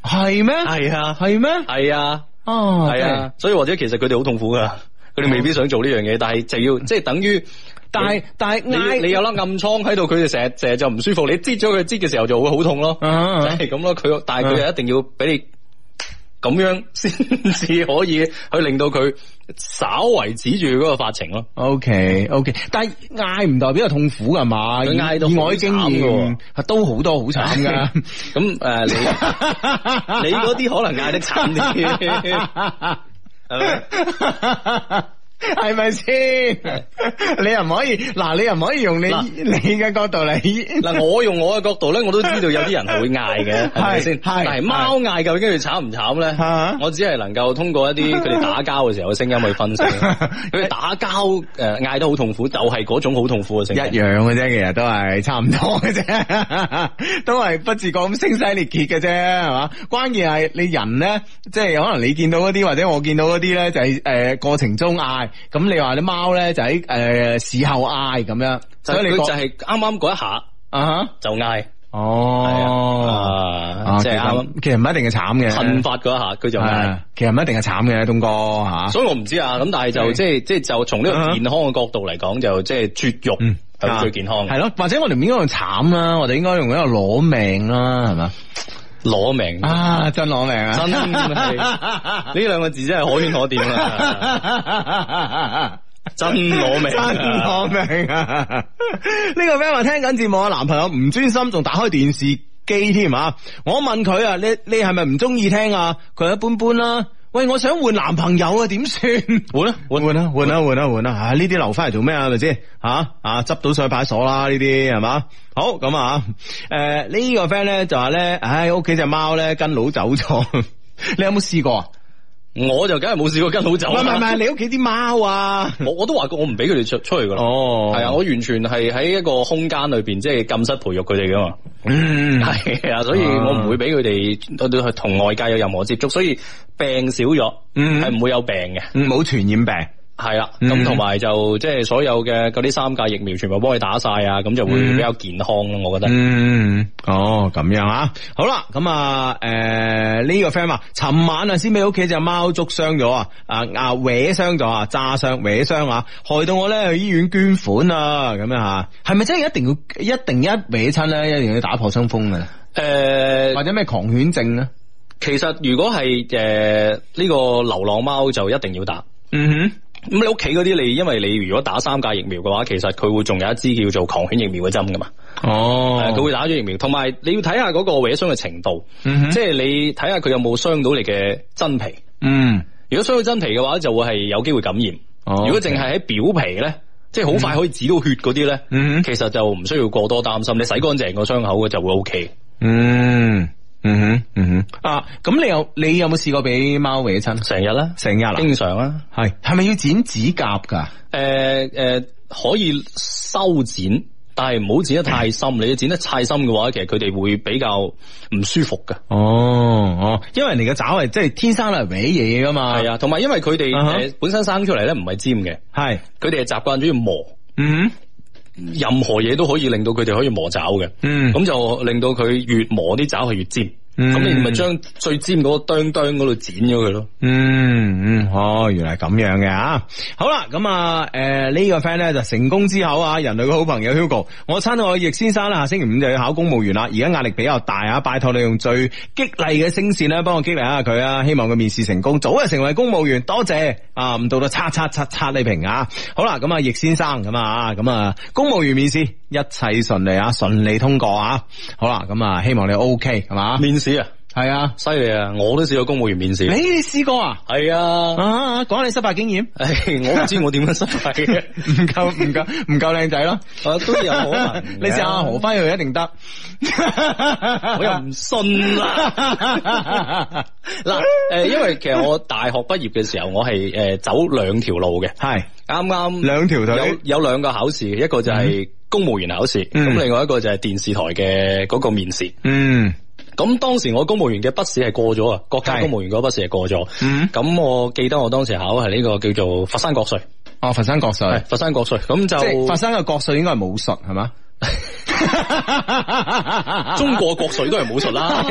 係咩嗎？係啊，係咩？係啊，啊哦，係啊，所以或者其實佢哋好痛苦噶，佢哋未必想做呢樣嘢，嗯、但係就要即係、就是、等於，但係但係嗌，你有粒暗瘡喺度，佢哋成日成日就唔舒服，你擠咗佢擠嘅時候就會好痛咯，即係咁咯，佢、啊、但係佢又一定要俾你。咁樣先至可以去令到佢稍微止住嗰個發情咯。OK，OK、okay, okay. 但係嗌唔代表係痛苦噶嘛？佢嗌到意外經驗都好多好慘噶。咁誒 ，uh, 你 你嗰啲可能嗌得慘啲。係咪先？你又唔可以嗱？你又唔可以用你 你嘅角度嚟。嗱， 我用我嘅角度咧，我都知道有啲人係會嗌嘅，係咪先？係是。但係貓嗌究竟佢慘唔慘咧？我只係能夠通過一啲佢哋打交嘅時候嘅聲音去分析。佢哋 打交誒嗌得好痛苦，就係嗰種好痛苦嘅聲。一樣嘅啫，其實都係差唔多嘅啫， 都係不自覺咁聲嘶力竭嘅啫，係嘛？關鍵係你人咧，即係可能你見到嗰啲或者我見到嗰啲咧，就係誒過程中嗌。咁你話啲貓咧就喺誒事後嗌咁樣，所以你就係啱啱嗰一下啊吓就嗌哦，即係啱，其實唔一定係慘嘅，噴發嗰一下佢就嗌，uh, 其實唔一定係慘嘅，uh huh. 東哥吓，uh huh. 所以我唔知啊，咁但係就即係即係就從呢個健康嘅角度嚟講，uh huh. 就即係絕育係最健康，係咯、uh huh.，或者我哋唔應該用慘啦，我哋應該用一個攞命啦，係咪？攞命啊！真攞命啊！真係是呢 兩個字真係可圈可點 啊！ 真攞命！真攞命啊！呢、這個 friend 話聽緊節目，男朋友唔專心，仲打開電視機添啊！我問佢啊，你你係咪唔中意聽啊？佢一般般啦。喂，我想換男朋友啊，點算？換啊？換換啦，換啦，換啦，換啦！唉，呢啲留翻嚟做咩啊？咪先吓啊？執到上派出所啦！這個、呢啲係嘛？好咁啊！誒、哎，呢個 friend 咧就話咧，唉，屋企隻貓咧跟佬走咗，你有冇試過啊？我就梗係冇試過跟老走，唔係唔係，你屋企啲貓啊，我，我我都話過我唔俾佢哋出出去噶啦。哦，係啊，我完全係喺一個空間裏邊，即係禁室培育佢哋噶嘛，嗯，係啊，所以我唔會俾佢哋去同外界有任何接觸，所以病少咗，嗯，嗯，係唔會有病嘅，冇傳染病。係啦，咁同埋就即係所有嘅嗰啲三價疫苗，全部幫佢打晒啊，咁就會比較健康咯。我覺得嗯，哦咁樣啊。好啦，咁啊，誒、呃、呢、呢個 friend 啊，尋晚啊，先俾屋企隻貓捉傷咗啊，啊啊搲傷咗啊，炸傷搲傷啊，害到我咧去醫院捐款啊。咁樣吓係咪真係一定要一定一搲親咧，一定要打破傷風噶？誒、呃，或者咩狂犬症咧？其實如果係誒呢個流浪貓就一定要打。嗯哼。咁你屋企嗰啲你，因為你如果打三價疫苗嘅話，其實佢會仲有一支叫做狂犬疫苗嘅針噶嘛。哦、oh. 啊，佢會打咗疫苗，同埋你要睇下嗰個受傷嘅程度，mm hmm. 即係你睇下佢有冇傷到你嘅真皮。嗯、mm，hmm. 如果傷到真皮嘅話，就會係有機會感染。哦，oh, okay. 如果淨係喺表皮咧，即係好快可以止到血嗰啲咧，mm hmm. 其實就唔需要過多擔心。你洗乾淨個傷口嘅就會 O、OK、K。嗯、mm。Hmm. 嗯哼，嗯哼，啊，咁你，你有你有冇試過俾貓搲親？成日啦，成日啦，經常啦，係係咪要剪指甲噶？誒誒、呃呃，可以修剪，但係唔好剪得太深。唉你要剪得太深嘅話，其實佢哋會比較唔舒服噶。哦哦，因為人哋嘅爪係即係天生係搲嘢噶嘛。係啊，同埋因為佢哋本身生出嚟咧，唔係尖嘅，係佢哋係習慣咗要磨。嗯。任何嘢都可以令到佢哋可以磨爪嘅，嗯，咁就令到佢越磨啲爪係越尖。咁你咪將最尖嗰個墩墩嗰度剪咗佢咯。嗯嗯，哦，原來咁樣嘅啊。好啦，咁啊，誒呢個 friend 咧就成功之後啊，人類嘅好朋友 Hugo，我親愛嘅易先生啦，下星期五就要考公務員啦，而家壓力比較大啊，拜託你用最激勵嘅聲線咧，幫我激勵下佢啊，希望佢面試成功，早日成為公務員。多謝啊，唔到到擦擦擦擦你平啊。好啦，咁啊易先生咁啊，咁啊公務員面試一切順利啊，順利通過啊。好啦，咁啊希望你 O K 係嘛。面試啊，係啊，犀利啊！我都試過公務員面試，你試過啊？係啊，講下你失敗經驗。我唔知我點樣失敗嘅，唔夠唔夠唔夠靚仔咯，都有可能。你試阿何輝去，一定得，我又唔信啦。嗱，誒，因為其實我大學畢業嘅時候，我係誒走兩條路嘅，係啱啱兩條腿有有兩個考試，一個就係公務員考試，咁另外一個就係電視台嘅嗰個面試，嗯。咁當時我公務員嘅筆試係過咗啊，國家公務員嗰筆試係過咗。嗯是，咁我記得我當時考係呢個叫做佛山國稅。啊、哦，佛山國稅，係佛山國稅。咁就佛山嘅國稅應該係武術係嘛？ 中國國稅都係武術啦，唔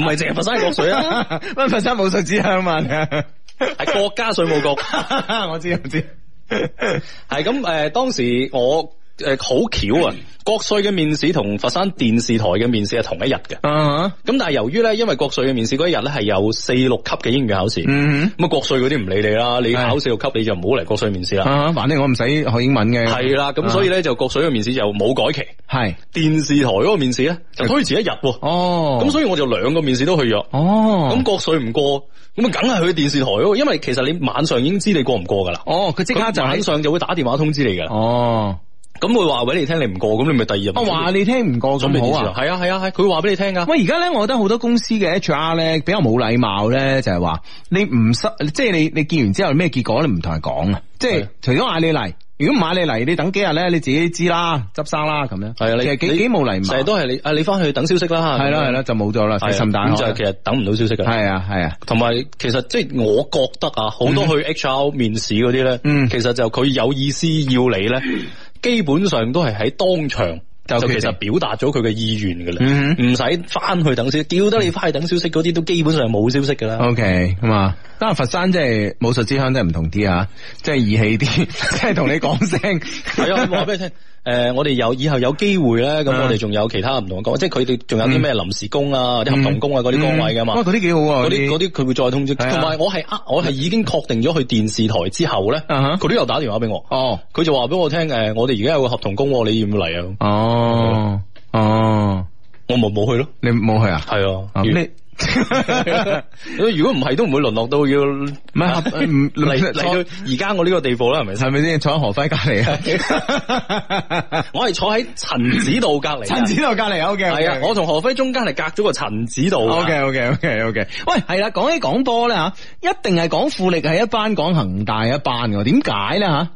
係淨係佛山國稅啊，乜 佛山武術之鄉啊，係 國家稅務局，我知我知。係咁誒，當時我。誒，好、呃、巧啊！國稅嘅面試同佛山電視台嘅面試係同一日嘅。咁、uh huh. 但係由於咧，因為國稅嘅面試嗰一日咧係有四六級嘅英語考試。咁啊、uh huh. 國稅嗰啲唔理你啦，你考四六級你就唔好嚟國稅面試啦。Uh huh. 反正我唔使學英文嘅。係啦，咁所以咧、uh huh. 就國稅嘅面試就冇改期。係、uh，huh. 電視台嗰個面試咧就推遲一日。哦、uh，咁、huh. 所以我就兩個面試都去咗。哦、uh，咁、huh. 國稅唔過，咁啊梗係去電視台咯，因為其實你晚上已經知你過唔過噶啦。哦、uh，佢、huh. 即刻就是、晚上就會打電話通知你噶啦。哦、uh。Huh. 咁會話俾你聽，你唔過咁，你咪第二日。我話你聽唔過咁咪好啊，係啊係啊係，佢話俾你聽噶。我而家咧，我覺得好多公司嘅 H R 咧比較冇禮貌咧，就係話你唔失，即係你你見完之後咩結果你唔同人講啊。即係除咗嗌你嚟，如果唔嗌你嚟，你等幾日咧你自己知啦，執生啦咁樣。係啊，你幾冇禮貌，成日都係你啊！你翻去等消息啦吓。係啦係啦，就冇咗啦，係冚蛋。咁就其實等唔到消息嘅。係啊係啊，同埋其實即係我覺得啊，好多去 H R 面試嗰啲咧，其實就佢有意思要你咧。基本上都係喺當場。就其實表達咗佢嘅意願嘅啦，唔使翻去等消息，叫得你翻去等消息嗰啲都基本上冇消息嘅啦。O K，咁嘛？但係佛山即係武術之鄉，都係唔同啲啊。即係義氣啲，即係同你講聲，係啊，話俾你聽，誒，我哋有以後有機會咧，咁我哋仲有其他唔同嘅崗，即係佢哋仲有啲咩臨時工啊、合同工啊嗰啲崗位嘅嘛。嗰啲幾好啊！嗰啲嗰啲佢會再通知。同埋我係我係已經確定咗去電視台之後咧，佢都有打電話俾我。哦，佢就話俾我聽誒，我哋而家有個合同工，你要唔要嚟啊？哦。哦哦，哦我冇冇去咯，你冇去啊？係啊，嗯，你。 如果唔係，都唔會淪落到要唔係唔嚟嚟到而家我呢個地步啦，係咪係咪先？ 坐喺何輝隔籬啊？我係坐喺陳子道隔籬。陳子道隔籬，O K，係啊。我同何輝中間係隔咗個陳子道。O K，O K，O K，O K。喂，係啦，講起講波咧吓，一定係講富力係一班，講恒大一班嘅。點解咧吓？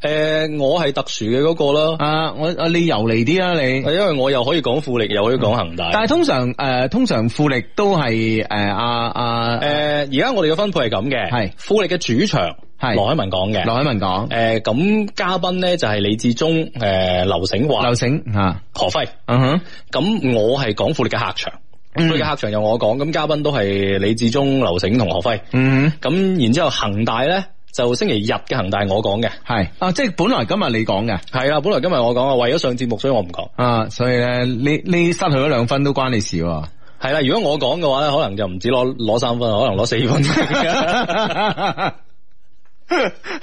誒，我係特殊嘅嗰個咯。啊，我啊，你游離啲啦，你。因為我又可以講富力，又可以講恒大。但係通常誒、呃，通常富力都係。誒，阿阿誒，而家我哋嘅分配係咁嘅，係是富力嘅主場係羅是海文講嘅，羅海文講，誒咁、呃、嘉賓咧就係李志忠，誒劉醒華，劉醒吓何輝輝，嗯哼、uh，咁、huh. 我係講富力嘅客場，佢嘅、嗯、客場由我講，咁嘉賓都係李志忠、劉醒同何輝，嗯，咁、huh. 然之後恒大咧就星期日嘅恒大我講嘅，係啊，即係本來今日你講嘅，係啊，本來今日我講啊，為咗上節目所以我唔講啊，所以咧呢你，你失去咗兩分都關你事。係啦，如果我講嘅話咧，可能就唔止攞攞三分，可能攞四分。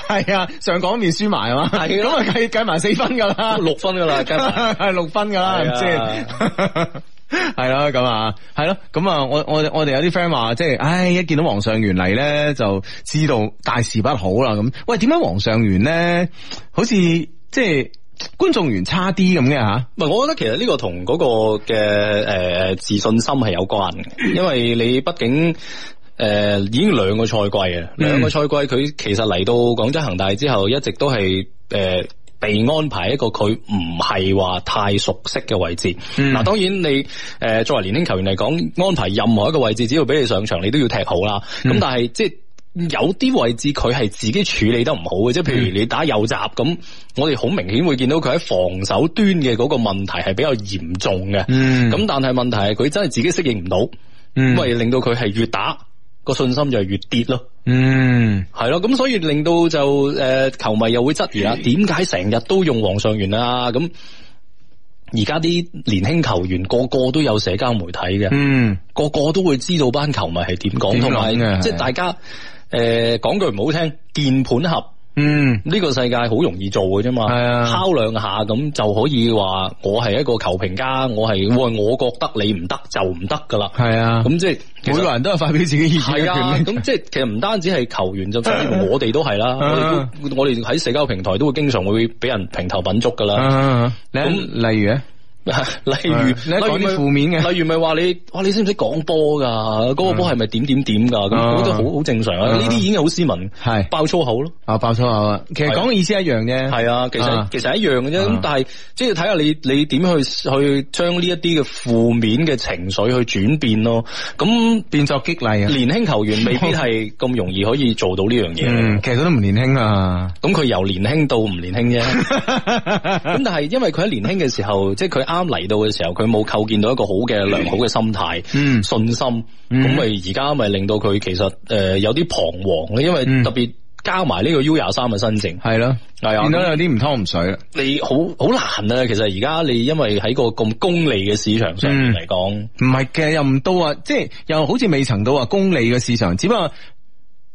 係啊，上港面輸埋係嘛，咁 啊計計埋四分噶啦，六分噶啦，計係六分噶啦，係咪先？係啦，咁啊，係咯知，咁 啊，我我我哋有啲 friend 話，即係，唉，一見到王上元嚟咧，就知道大事不好啦。咁，喂，點解王上元咧，好似即係？即觀眾緣差啲咁嘅吓，唔、啊、係我覺得其實呢個同嗰個嘅誒、呃、自信心係有關，因為你畢竟誒、呃、已經兩個賽季啊，嗯、兩個賽季佢其實嚟到廣州恆大之後，一直都係誒、呃、被安排一個佢唔係話太熟悉嘅位置。嗱、嗯，當然你誒、呃、作為年輕球員嚟講，安排任何一個位置，只要俾你上場，你都要踢好啦。咁、嗯、但係即。有啲位置佢係自己處理得唔好嘅，即係譬如你打右閘咁，嗯、我哋好明顯會見到佢喺防守端嘅嗰個問題係比較嚴重嘅。嗯，咁但係問題係佢真係自己適應唔到，嗯，咁咪令到佢係越打個信心就係越跌咯。嗯，係咯，咁所以令到就誒、呃、球迷又會質疑啦，點解成日都用王上源啊？咁而家啲年輕球員個個都有社交媒體嘅，嗯，個個都會知道班球迷係點講，同埋即係大家。誒，講、呃、句唔好聽，鍵盤俠，嗯，呢個世界好容易做嘅啫嘛，係啊，敲兩下咁就可以話我係一個球評家，我係、嗯、我，我覺得你唔得就唔得噶啦，係啊，咁即係每個人都有發表自己意見嘅權利，咁即係其實唔單止係球員就我 我，我哋都係啦，我哋喺社交平台都會經常會會俾人評頭品足噶啦，咁、啊啊、例如咧？那例如，你講啲負面嘅，例如咪話你，哇！你識唔識講波㗎？嗰個波係咪點點點㗎？咁我都好好正常啊！呢啲已經係好斯文，係爆粗口咯。啊，爆粗口啊！其實講嘅意思一樣嘅，係啊，其實其實一樣嘅啫。咁但係即係睇下你你點去去將呢一啲嘅負面嘅情緒去轉變咯。咁變作激勵啊！年輕球員未必係咁容易可以做到呢樣嘢。其實佢都唔年輕啊。咁佢由年輕到唔年輕啫。咁但係因為佢喺年輕嘅時候，即係佢。啱嚟到嘅時候，佢冇構建到一個好嘅良好嘅心態、嗯、信心，咁咪而家咪令到佢其實誒有啲彷徨咧，因為特別加埋呢個 U 廿三嘅申請，係咯的，係啊的，見到有啲唔湯唔水啦。你好好難啊！其實而家你因為喺個咁功利嘅市場上嚟講，唔係嘅，又唔到啊，即係又好似未曾到話功利嘅市場，只不過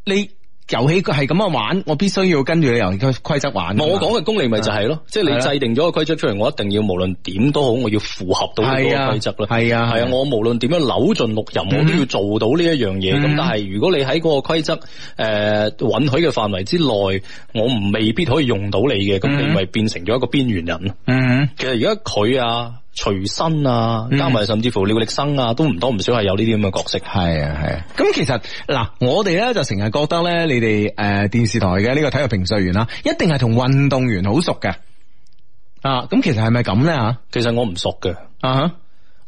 你。遊戲佢係咁樣玩，我必須要跟住你遊戲規則玩。我講嘅公理咪就係咯，即係你制定咗個規則出嚟，我一定要無論點都好，我要符合到呢個規則咯。係啊，係啊，我無論點樣扭盡六壬，我都要做到呢一樣嘢。咁但係如果你喺嗰個規則誒允許嘅範圍之內，我唔未必可以用到你嘅，咁你咪變成咗一個邊緣人。嗯，其實而家佢啊。隨身啊，加埋甚至乎廖力生啊，都唔多唔少係有呢啲咁嘅角色。係啊係，啊，咁其實嗱，我哋咧，就成日覺得咧，你哋誒電視台嘅呢個體育評述員啦，一定係同運動員好熟嘅啊。咁其實係咪咁咧吓？其實我唔熟嘅啊，uh huh.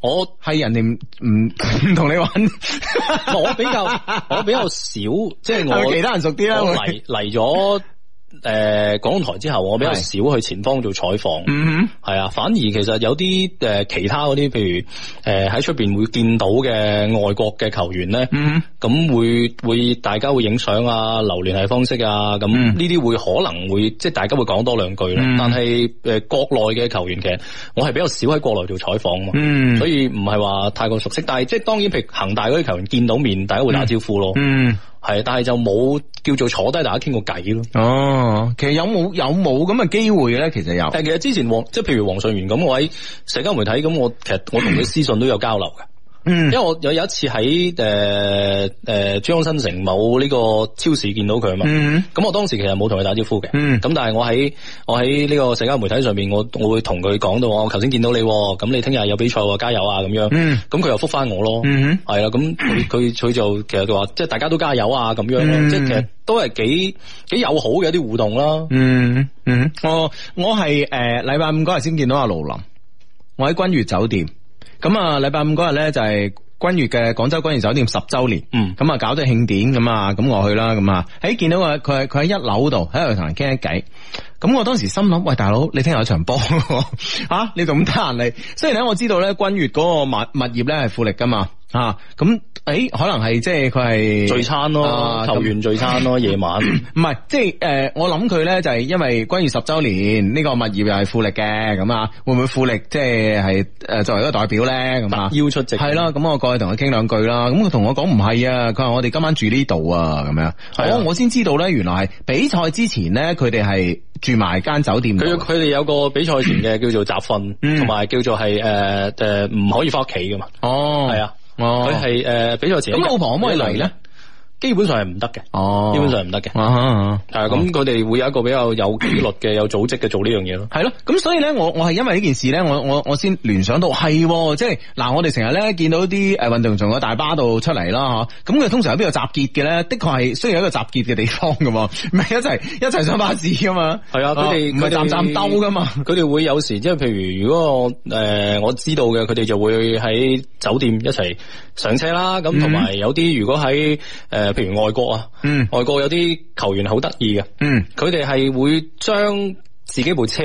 我係人哋唔唔同你玩， 我比較我比較少，即係 我其他人熟啲啦，嚟，嚟咗。誒、呃，港台之後我比較少去前方做採訪，係、嗯、哼啊，反而其實有啲誒、呃、其他嗰啲，譬如誒喺出邊會見到嘅外國嘅球員咧，咁、嗯、哼會會大家會影相啊，留聯繫方式啊，咁呢啲會可能會即係大家會講多兩句啦。嗯、但係誒、呃、國內嘅球員其實我係比較少喺國內做採訪啊嘛，嗯、所以唔係話太過熟悉。但係即係當然，譬如恒大嗰啲球員見到面，大家會打招呼咯。嗯係，啊，但係就冇叫做坐低大家傾過偈咯。哦，其實有冇有冇咁嘅機會咧？其實有。但係其實之前黃，即係譬如黃信源咁，我喺社交媒體咁，我其實我同佢私信都有交流嘅。因為我有有一次喺誒誒珠江新城某呢個超市見到佢啊嘛，咁、嗯、我當時其實冇同佢打招呼嘅，咁、嗯、但係我喺我喺呢個社交媒體上面，我我會同佢講到我頭先見到你，咁、嗯嗯嗯、你聽日有比賽喎，加油啊咁樣，咁佢又復翻我咯，係啦、嗯，咁佢佢就，就其實佢話即係大家都加油啊咁樣，嗯、即係其實都係幾幾友好嘅一啲互動啦，嗯嗯，嗯嗯我我係誒禮拜五嗰日先見到阿盧林，我喺君悦酒店。咁啊，禮拜五嗰日咧就係君悦嘅廣州君悦酒店十周年，嗯，咁啊搞咗慶典咁啊，咁我去啦，咁啊，喺見到個佢係佢喺一樓度喺度同人傾一偈，咁我當時心諗，喂，大佬，你聽日有場波 啊，你仲咁得閒你，雖然咧我知道咧君悦嗰個物物業咧係富力噶嘛，啊，咁。誒，可能係即係佢係聚餐咯，球員聚餐咯，夜晚。唔係，即係誒，我諗佢咧就係因為關於十周年呢個物業又係富力嘅咁啊，會唔會富力即係係誒作為一個代表咧咁啊，要出席？係咯，咁我過去同佢傾兩句啦。咁佢同我講唔係啊，佢話我哋今晚住呢度啊，咁樣。哦，我先知道咧，原來係比賽之前咧，佢哋係住埋間酒店。佢佢哋有個比賽前嘅叫做集訓，同埋叫做係誒誒唔可以翻屋企噶嘛。哦，係啊。哦，佢係誒俾咗錢，咁老婆可唔可以嚟咧？基本上係唔得嘅，哦，啊、基本上唔得嘅，係咁佢哋會有一個比較有紀律嘅、 有組織嘅做呢樣嘢咯，係咯，咁所以咧，我我係因為呢件事咧，我我我先聯想到係、嗯，即係嗱，我哋成日咧見到啲誒運動場個大巴度出嚟啦，吓、啊，咁佢通常喺邊度集結嘅咧？的確係，雖然一個集結嘅地方噶嘛，咪、啊、一齊一齊上巴士噶嘛，係啊、嗯，佢哋唔係站站兜噶嘛，佢哋會有時即係譬如如果我誒、呃、我知道嘅，佢哋就會喺酒店一齊上車啦，咁同埋有啲如果喺誒。譬如外國啊，嗯、外國有啲球員好得意嘅，佢哋係會將自己部車，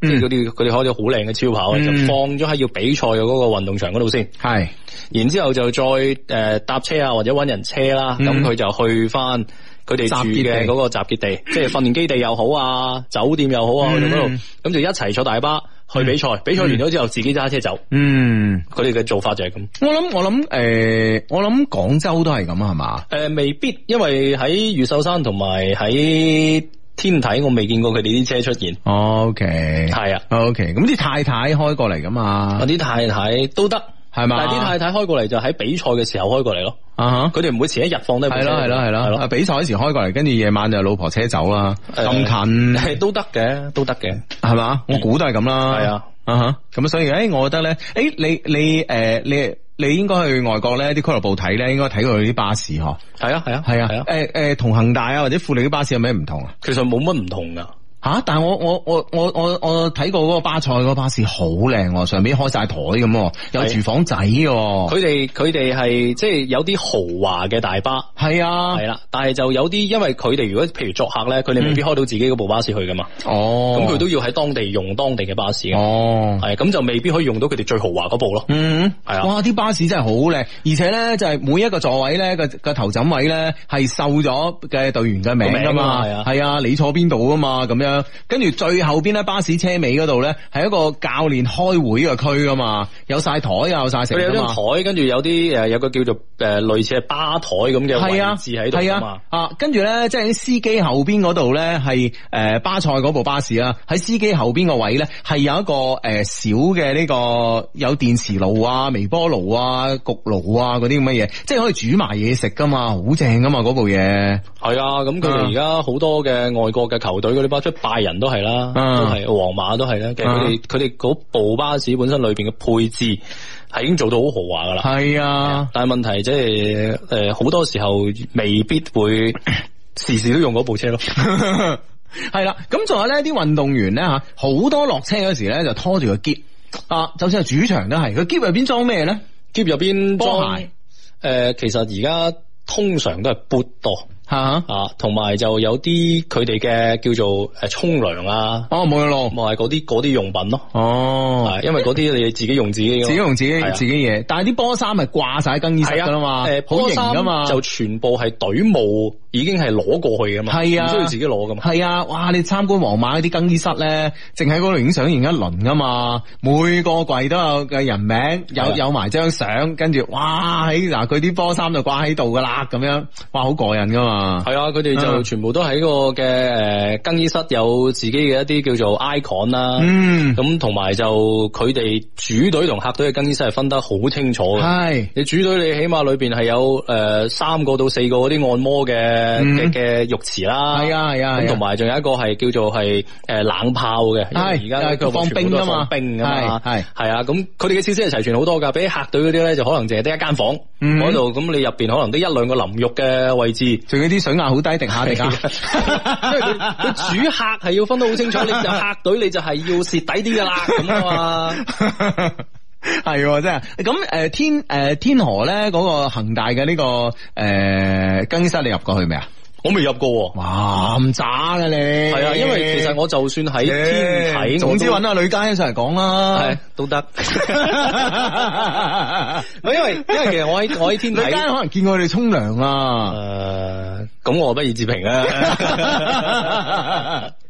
嗯、即係啲佢哋開咗好靚嘅超跑，嗯、就放咗喺要比賽嘅嗰個運動場嗰度先。係、嗯，然之後就再誒、呃、搭車啊，或者搵人車啦，咁佢、嗯、就去翻佢哋住嘅嗰個集結地，即係訓練基地又好啊，酒店又好啊，咁嗰度，咁就，就一齊坐大巴。去比賽，嗯、比賽完咗之後自己揸車走。嗯，佢哋嘅做法就係咁。我諗我諗誒，我諗廣州都係咁啊，係嘛？誒、呃，未必，因為喺越秀山同埋喺天體，我未見過佢哋啲車出現。O K，係啊。O K，咁啲太太開過嚟噶嘛？嗰啲太太都得。係嘛？但係啲太太開過嚟就喺比賽嘅時候開過嚟咯。啊哈！佢哋唔會前一日放低。係咯係咯係咯。啊，比賽嗰時開過嚟，跟住夜晚就老婆車走啦。咁近都得嘅，都得嘅，係嘛？我估都係咁啦。係啊。啊哈！咁所以誒，我覺得咧，誒，你你誒，你你應該去外國咧，啲俱樂部睇咧，應該睇佢啲巴士嗬。係啊係啊係啊係啊。誒誒，同恒大啊或者富力啲巴士有咩唔同啊？其實冇乜唔同噶。嚇、啊！但係我我我我我我睇過嗰個巴塞嗰、那個、巴士好靚喎，上面開晒台咁，有廚房仔喎。佢哋佢哋係即係有啲豪華嘅大巴。係啊，係啦、啊。但係就有啲因為佢哋如果譬如作客咧，佢哋未必開到自己嗰部巴士去㗎嘛。哦、嗯。咁佢都要喺當地用當地嘅巴士。哦。係咁、啊、就未必可以用到佢哋最豪華嗰部咯。嗯。係啊。哇！啲巴士真係好靚，而且咧就係每一個座位咧個個頭枕位咧係瘦咗嘅隊員嘅名㗎嘛。係啊。係啊，你坐邊度㗎嘛？咁樣。跟住最後邊咧，巴士車尾嗰度咧，係一個教練開會嘅區啊嘛，有晒台啊，有晒成，有張台，跟住有啲誒，有個叫做誒、呃、類似吧台咁嘅位置喺度啊啊，跟住咧，即係啲司機後邊嗰度咧，係誒、呃、巴塞嗰部巴士啊。喺司機後邊個位咧，係有一個誒、呃、小嘅呢個有電磁爐啊、微波爐啊、焗爐啊嗰啲咁嘅嘢，即係可以煮埋嘢食噶嘛，好正噶嘛嗰部嘢。係啊，咁佢哋而家好多嘅外國嘅球隊嗰啲巴拜仁都係啦，都係皇馬都係啦。其實佢哋佢哋嗰部巴士本身裏邊嘅配置係已經做到好豪華噶啦。係啊，但係問題即係誒，好、啊呃、多時候未必會時時都用嗰部車咯。係 啦， 咁仲有呢啲運動員咧吓，好多落車嗰時咧就拖住個篋啊。就算係主場都係，個篋入邊裝咩咧？篋入邊波鞋？誒、呃，其實而家通常都係波多。吓吓，啊，同埋就有啲佢哋嘅叫做誒沖涼啊，哦冇用咯，冇係嗰啲嗰啲用品咯，哦，係因為嗰啲你自己用自己， 自己用自己、啊、自己嘢，但係啲波衫係掛晒喺更衣室噶啦嘛，誒波衫啊、呃、好型噶嘛，就全部係隊帽。已經係攞過去嘅嘛，唔、啊、需要自己攞噶嘛。係啊，哇！你參觀皇馬嗰啲更衣室咧，淨喺嗰度影相影一輪噶嘛。每個櫃都有嘅人名，有、啊、有埋張相，跟住哇喺嗱佢啲波衫就掛喺度噶啦，咁樣哇好過癮噶嘛。係啊，佢哋就全部都喺個嘅誒更衣室有自己嘅一啲叫做 icon 啦。嗯，咁同埋就佢哋主隊同客隊嘅更衣室係分得好清楚嘅。係是，你主隊你起碼裏邊係有誒、呃、三個到四個嗰啲按摩嘅。誒嘅浴池啦，係啊係啊，同埋仲有一個係叫做係誒冷泡嘅，係而家放冰啊嘛，係係啊，咁佢哋嘅設施係齊全好多噶，俾客隊嗰啲咧就可能淨係得一間房嗰度，咁你入邊可能得一兩個淋浴嘅位置，仲有啲水壓好低，定下定嘅，因為佢主客係要分得好清楚，你就客隊你就係要蝕底啲噶啦，咁啊嘛。係真係咁誒天誒、呃、天河咧嗰、嗰個恒大嘅呢、呢個誒、呃、更衣室你入過去未啊？我未入過哇咁渣嘅，你係啊，的因為其實我就算喺天體，耶總之揾阿呂佳一上嚟講啦，係都得。 因為 因為其實我喺我喺天體、 呃、可能見過佢哋沖涼啊，咁、呃、我不如自評啊。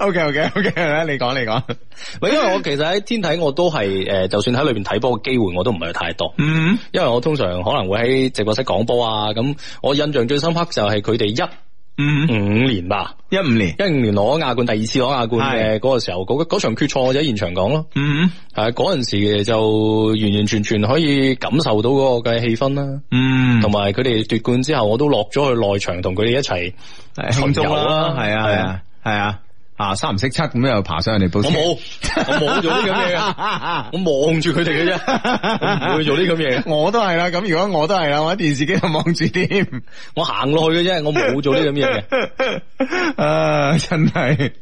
O K O K O K，你講你講，唔係因為我其實喺天體我都係誒，就算喺裏邊睇波嘅機會我都唔係太多。嗯，因為我通常可能會喺直播室講波啊。咁我印象最深刻就係佢哋一五年吧，一五年，一五年攞亞冠第二次攞亞冠嘅嗰個時候，嗰嗰場決賽我就喺現場講咯。嗯，係嗰陣時就完完全全可以感受到嗰個嘅氣氛啦。嗯，同埋佢哋奪冠之後，我都落咗去內場同佢哋一齊慶祝啦。係啊，係啊，係啊。啊，三唔識七咁又爬上人哋部車，我冇，我冇做啲咁嘢啊。我望住佢哋嘅啫，我唔會做啲咁嘢，我都係啦，咁如果我都係啦，我喺電視機度望住添，我行落 去嘅啫，我冇做啲咁嘢嘅， 啊，真係，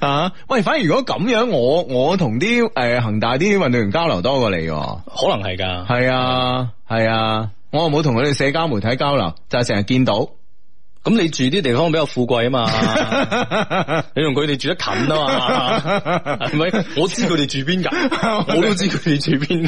啊，喂，反而如果咁樣，我我同啲誒恒大啲運動員交流多過你，可能係噶，係啊，係啊，我又冇同佢哋社交媒體交流，就係成日見到。咁你住啲地方比較富貴啊嘛，你同佢哋住得近啊嘛，係咪？我知佢哋住邊噶，我都知佢哋住邊，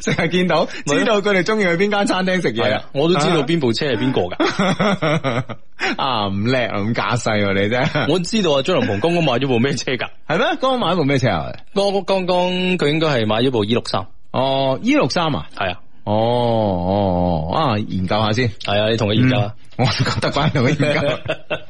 成日見到，知道佢哋中意去邊間餐廳食嘢，我都知道邊部車係邊個噶。啊，唔叻，咁假細喎你啫。我知道啊，張龍鵬剛剛買咗部咩車噶？係咩？剛剛買咗部咩車啊？剛剛剛佢應該係買咗部 E 六三。哦，E 六三啊？係啊。哦哦，啊，研究下先。係啊，你同佢研究下。我覺得怪到而家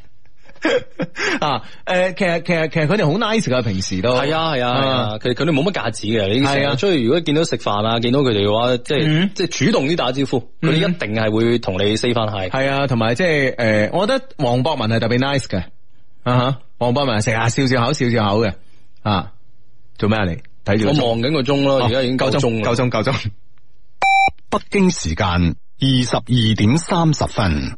啊！誒，其實其實其實佢哋好 nice 嘅，平時都係啊係啊。其實佢哋冇乜架子嘅，你係啊。所以如果見到食飯啊，見到佢哋嘅話，即係即係主動啲打招呼，佢哋一定係會同你 say 翻 hi。係啊，同埋即係誒，我覺得黃博文係特別 nice 嘅啊！嚇，黃博文成日笑笑口笑笑口嘅啊，做咩啊？你睇住我望緊個鐘咯，而家已經夠鐘，夠鐘夠鐘。北京時間二十二點三十分。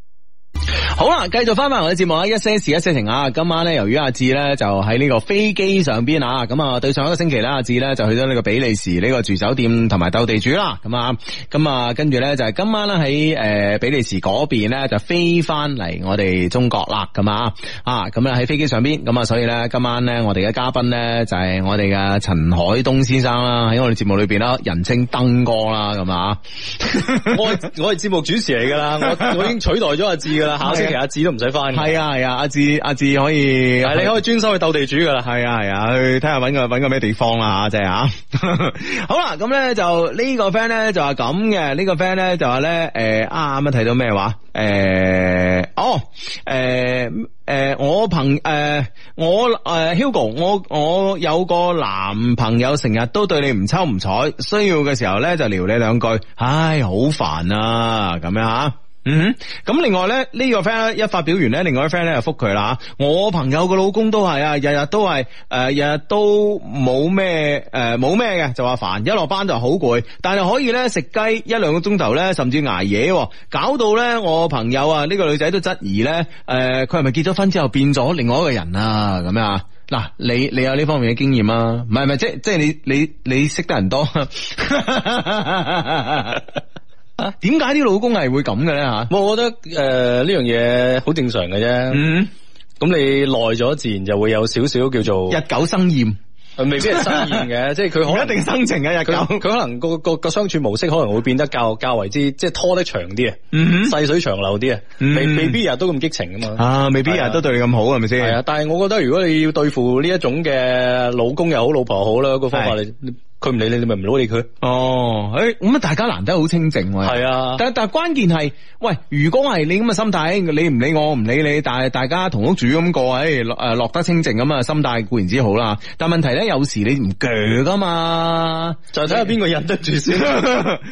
好啦，繼續翻翻我哋節目啊，一些事，一些情啊。今晚咧，由於阿志咧就喺呢個飛機上邊啊，咁、嗯、啊，對上一個星期咧，阿志咧就去咗呢個比利時呢個住酒店同埋鬥地主啦，咁、嗯、啊，咁、嗯、啊，跟住咧就係今晚咧喺誒比利時嗰邊咧就飛翻嚟我哋中國啦，咁啊啊，咁、嗯、啊，喺、嗯、飛機上邊，咁、嗯、啊，所以咧今晚咧我哋嘅嘉賓咧就係我哋嘅陳海東先生啦，喺我哋節目裏邊啦，人稱燈哥啦，咁、嗯、啊 ，我我係節目主持嚟噶啦，我我已經取代咗阿志。啦，考試期的阿志都唔使翻。係啊係啊，阿志阿志可以，你可以專心去鬥地主噶啦。係啊係啊，去睇下搵個搵個咩地方啦吓，即係吓。 好啦，咁咧就、這個、呢、就是這個 friend 咧就係咁嘅，呢個 friend 咧就話咧誒啱啱，睇到咩話誒、呃、哦誒誒、呃呃、我朋誒、呃、我誒、呃、Hugo，我我有個男朋友成日都對你唔抽唔睬，需要嘅時候咧就撩你兩句，唉好煩啊咁樣啊。嗯，咁另外咧，呢、這個 friend 一發表完咧，另外啲 friend 咧就覆佢啦。我朋友個老公都係啊，日日都係誒，日、呃、日都冇咩誒，冇咩嘅，就話煩，一落班就好攰，但係可以咧食雞一兩個鐘頭咧，甚至挨夜，搞到咧我朋友啊呢、這個女仔都質疑咧，誒、呃，佢係咪結咗婚之後變咗另外一個人啊？咁樣啊，嗱，你你有呢方面嘅經驗啊？唔係唔係，即係即係你你你識得人多。 啊，點解啲老公係會咁嘅咧吓？我覺得誒呢樣嘢好正常嘅啫。咁你耐咗，自然就會有少少叫做日久生厭，未必係生厭嘅，即係佢可能一定生情嘅。日久，佢可能個個個相處模式可能會變得較較為之，即係拖得長啲啊，細水長流啲啊，未未必日都咁激情㗎嘛。啊，未必日都對你咁好係咪先？係啊，但係我覺得如果你要對付呢一種嘅老公又好，老婆好啦，個方法你。佢唔理你，你咪唔攞理佢。哦，誒，咁啊，大家難得好清靜喎。係啊，但係但係關鍵係，喂，如果係你咁嘅心態，你唔理我，唔理你，但係大家同屋住咁過，誒、欸，落誒落得清靜咁啊，心態固然之好啦。但係問題咧，有時你唔鋸噶嘛，就睇下邊個忍得住先，睇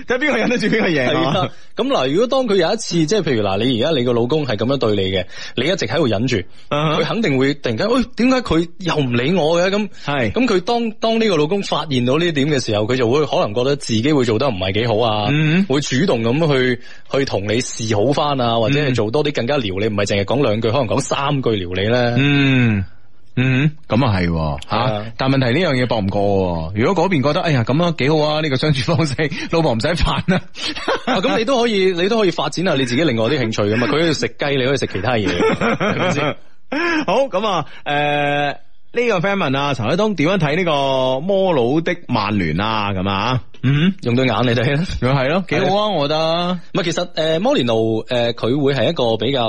下邊個忍得住邊個贏。係啦，咁嗱，如果當佢有一次，即係譬如嗱，你而家你個老公係咁樣對你嘅，你一直喺度忍住，佢、uh huh. 肯定會突然間，喂、欸，點解佢又唔理我嘅咁？係，咁佢是當當呢個老公發現到呢點嘅時候，佢就會可能覺得自己會做得唔係幾好啊，嗯、會主動咁去去同你示好翻啊，或者係做多啲更加撩你，唔係淨係講兩句，可能講三句撩你咧。嗯嗯，咁、就是、啊係吓，啊、但係問題呢樣嘢搏唔過，如果嗰邊覺得，哎呀咁啊幾好啊，呢、這個相處方式，老婆唔使煩啊，咁你都可以， 你都可以發展下你自己另外啲興趣㗎嘛。佢喺度食雞，你可以食其他嘢，係咪先？好咁啊，誒、呃。呢個 friend 問啊，陳海東點樣睇呢個摩魯的曼聯啊？咁啊？嗯，用對眼你哋咧，又係咯，幾好啊，我覺得。唔係，其實誒，摩連奴誒，佢會係一個比較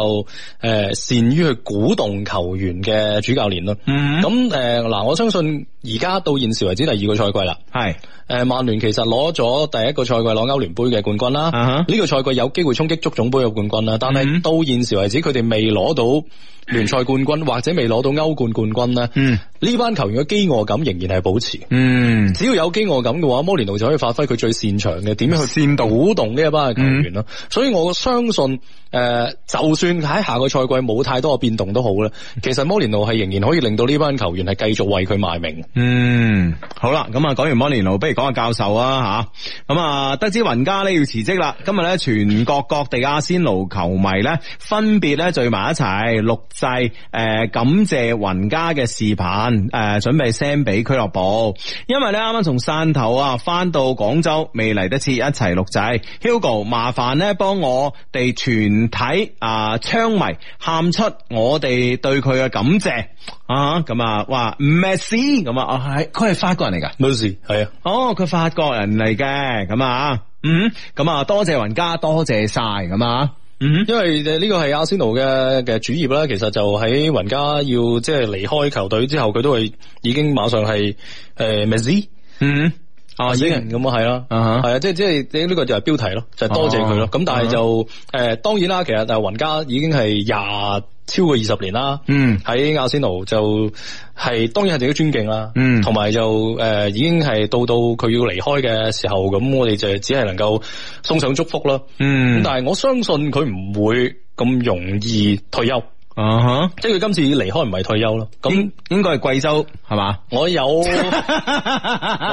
誒，善於去鼓動球員嘅主教練咯。嗯，咁誒，嗱，我相信而家到現時為止，第二個賽季啦，係誒，曼聯其實攞咗第一個賽季攞歐聯盃嘅冠軍啦。啊哈，呢個賽季有機會衝擊足總盃嘅冠軍啦，但係到現時為止，佢哋未攞到聯賽冠軍或者未攞到歐冠冠軍咧。嗯，呢班球員嘅飢餓感仍然係保持。嗯，只要有飢餓感嘅話，摩連奴就可以。發揮佢最擅長嘅點樣去煽動鼓動呢一班嘅球員咯，嗯，所以我相信。誒、呃，就算喺下個賽季冇太多嘅變動都好啦，其實摩連奴係仍然可以令到呢班球員係繼續為佢賣命。嗯，好啦，咁啊，講完摩連奴，不如講下教授啊吓，咁啊，得知雲加咧要辭職啦，今日咧全國各地阿仙奴球迷咧分別咧聚埋一齊錄製誒，感謝雲加嘅視頻誒，準備 send 俾俱樂部，因為咧啱啱從汕頭啊翻到廣州未嚟得切，一齊錄製。Hugo 麻煩咧幫我哋全。睇啊，槍迷喊出我哋對佢嘅感謝啊！咁啊，話 Messi 咁啊，係佢係法國人嚟噶，Messi 係啊，哦，佢法國人嚟嘅，咁啊，嗯，咁啊，多謝雲加，多謝晒咁啊，嗯，因為呢個係阿仙奴嘅嘅主頁啦，其實就喺雲加要即係離開球隊之後，佢都係已經馬上係誒 Messi，嗯。沒有啊阿仙奴，咁啊係啦，係啊，即係即係你呢個就係標題咯，就係、是、多謝佢咯。咁、啊、但係就誒、啊呃、當然啦，其實誒雲加已經係廿超過二十年啦。嗯，喺阿仙奴就係當然係自己尊敬啦。嗯，同埋就誒、呃、已經係到到佢要離開嘅時候，咁我哋就只係能夠送上祝福啦。嗯，但係我相信佢唔會咁容易退休。啊哈！即係佢今次離開唔係退休咯，咁應該係貴州係嘛？我有我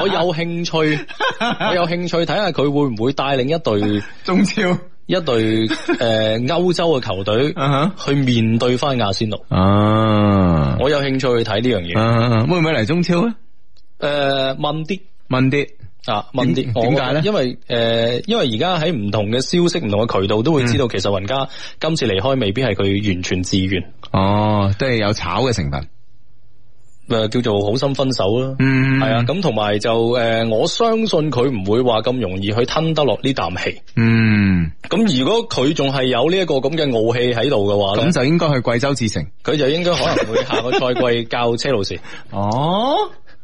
有興趣，我有興趣睇下佢會唔會帶領一隊中超一隊誒歐洲嘅球隊去面對翻亞仙奴啊！我有興趣去睇呢樣嘢，會唔會嚟中超咧？誒，問啲問啲。啊，問點解咧？因為誒、呃，因為而家喺唔同嘅消息、唔同嘅渠道都會知道、嗯，其實雲加今次離開未必係佢完全自願。哦，都係有炒嘅成分。咪、呃、叫做好心分手咯。嗯。係啊，咁同埋就誒、呃，我相信佢唔會話咁容易去吞得落呢啖氣。嗯。咁如果佢仲係有呢、這、一個咁嘅傲氣喺度嘅話，咁、嗯、就應該去貴州智誠。佢就應該可能會下個賽季教車路士。 哦。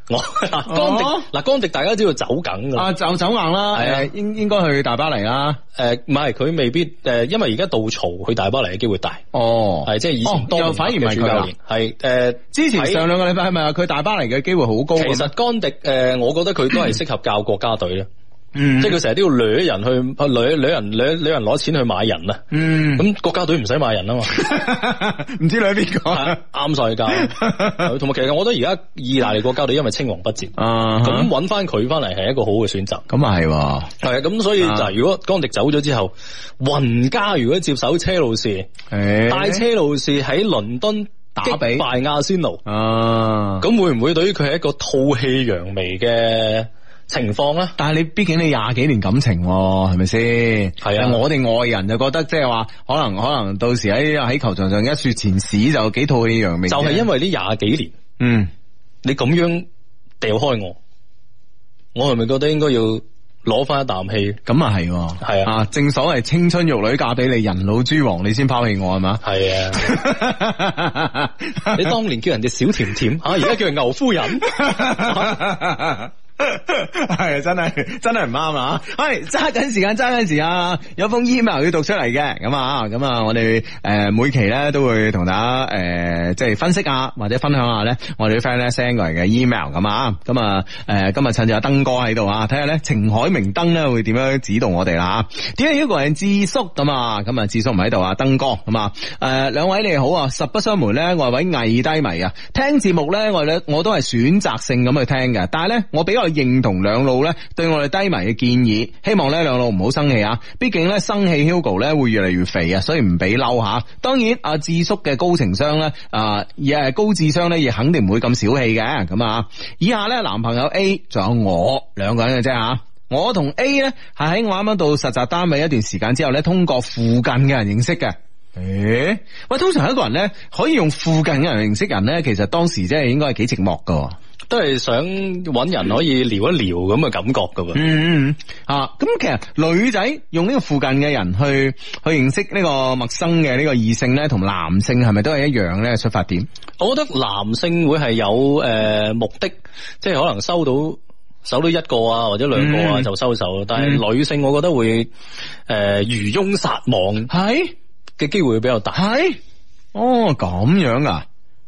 我 江迪嗱、哦、江,江迪大家知道走梗噶啦，就走硬啦，係啊，應應該去大巴黎啦、啊。誒、呃，唔係佢未必誒、呃，因為而家杜曹去大巴黎嘅機會大。哦，係即係以前杜、哦，又當反而唔係主教練，係誒，呃、之前上兩個禮拜係咪啊？佢在大巴黎嘅機會好高。其實江迪誒、呃，我覺得佢都係適合教國家隊啊。 即係佢成日都要掠人去掠掠人掠掠人攞錢去買人啊！咁國家隊唔使買人啊嘛，唔知你喺邊個啱晒架。同埋其實我覺得而家意大利國家隊因為青黃不接啊，咁揾翻佢翻嚟係一個好嘅選擇。咁啊係，係啊，咁所以就如果江迪走咗之後，雲家如果接手車路士，帶車路士喺倫敦打比敗亞仙奴啊，咁會唔會對於佢係一個吐氣揚眉嘅情況啊，但係你畢竟你廿幾年感情係咪先？係啊，我哋外人就覺得即係話，可能可能到時喺喺球場上一雪前恥，就幾吐氣揚眉，就係因為呢廿幾年。嗯，你咁樣掉開我，我係咪覺得應該要攞翻一啖氣？咁啊係，啊，啊正所謂青春玉女嫁俾你，人老珠黃你先拋棄我係嘛？係啊， 你當年叫人哋小甜甜，吓而家叫人牛夫人。 係 真係真係唔啱啊！喂、hey,，揸緊時間，揸緊時間，有封 email 要讀出嚟嘅。咁啊！咁啊，我哋誒每期咧都會同大家誒、呃、即係分析下或者分享下咧我哋啲 friend 咧 send 過嚟嘅 email 咁啊！咁啊，誒今日趁住阿燈哥喺度啊，睇下咧情海明燈咧會點樣指導我哋啦！點解一個人智叔咁啊？咁啊，智叔唔喺度啊，燈哥咁啊！誒，兩位你好啊！實不相瞞咧，我係位藝低迷啊！聽節目咧，我哋我都係選擇性咁去聽嘅，但係咧我比較。認同兩路咧對我哋低迷嘅建議，希望咧兩路唔好生氣啊！畢竟咧生氣 Hugo 咧會越嚟越肥啊，所以唔俾嬲吓。當然阿智叔嘅高情商咧，啊亦係高智商咧，亦肯定唔會咁小氣嘅咁啊！以下咧男朋友 A 仲有我兩個人嘅啫吓，我同 A 咧係喺我啱啱到實習單位一段時間之後咧，通過附近嘅人認識嘅。誒，喂，通常一個人咧可以用附近嘅人認識人咧，其實當時真係應該係幾寂寞噶。都係想揾人可以聊一聊咁嘅感覺㗎喎。嗯嗯，啊，咁其實女仔用呢個附近嘅人去去認識呢個陌生嘅呢個異性咧，同男性係咪都係一樣咧？出發點？我覺得男性會係有誒、呃、目的，即係可能收到手到一個啊或者兩個啊、嗯、就收手，但係女性我覺得會誒漁翁撒網係嘅機會比較大。係嗎，哦咁樣啊。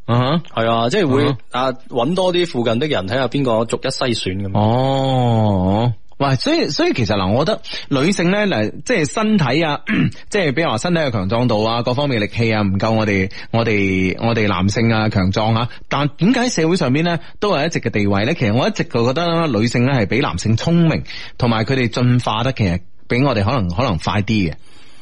啊，係啊、uh huh.，即係會啊，搵多啲附近的人睇下邊個逐一篩選咁。哦、uh，喂、huh.，所以所以其實嗱，我覺得女性咧嗱，即係身體啊， 即係比如話身體嘅強壯度啊，各方面力氣啊，唔夠我哋我哋我哋男性啊強壯啊。但點解社會上邊咧都係一直嘅地位咧？其實我一直就覺得女性咧係比男性聰明，同埋佢哋進化得其實比我哋可能可能快啲嘅。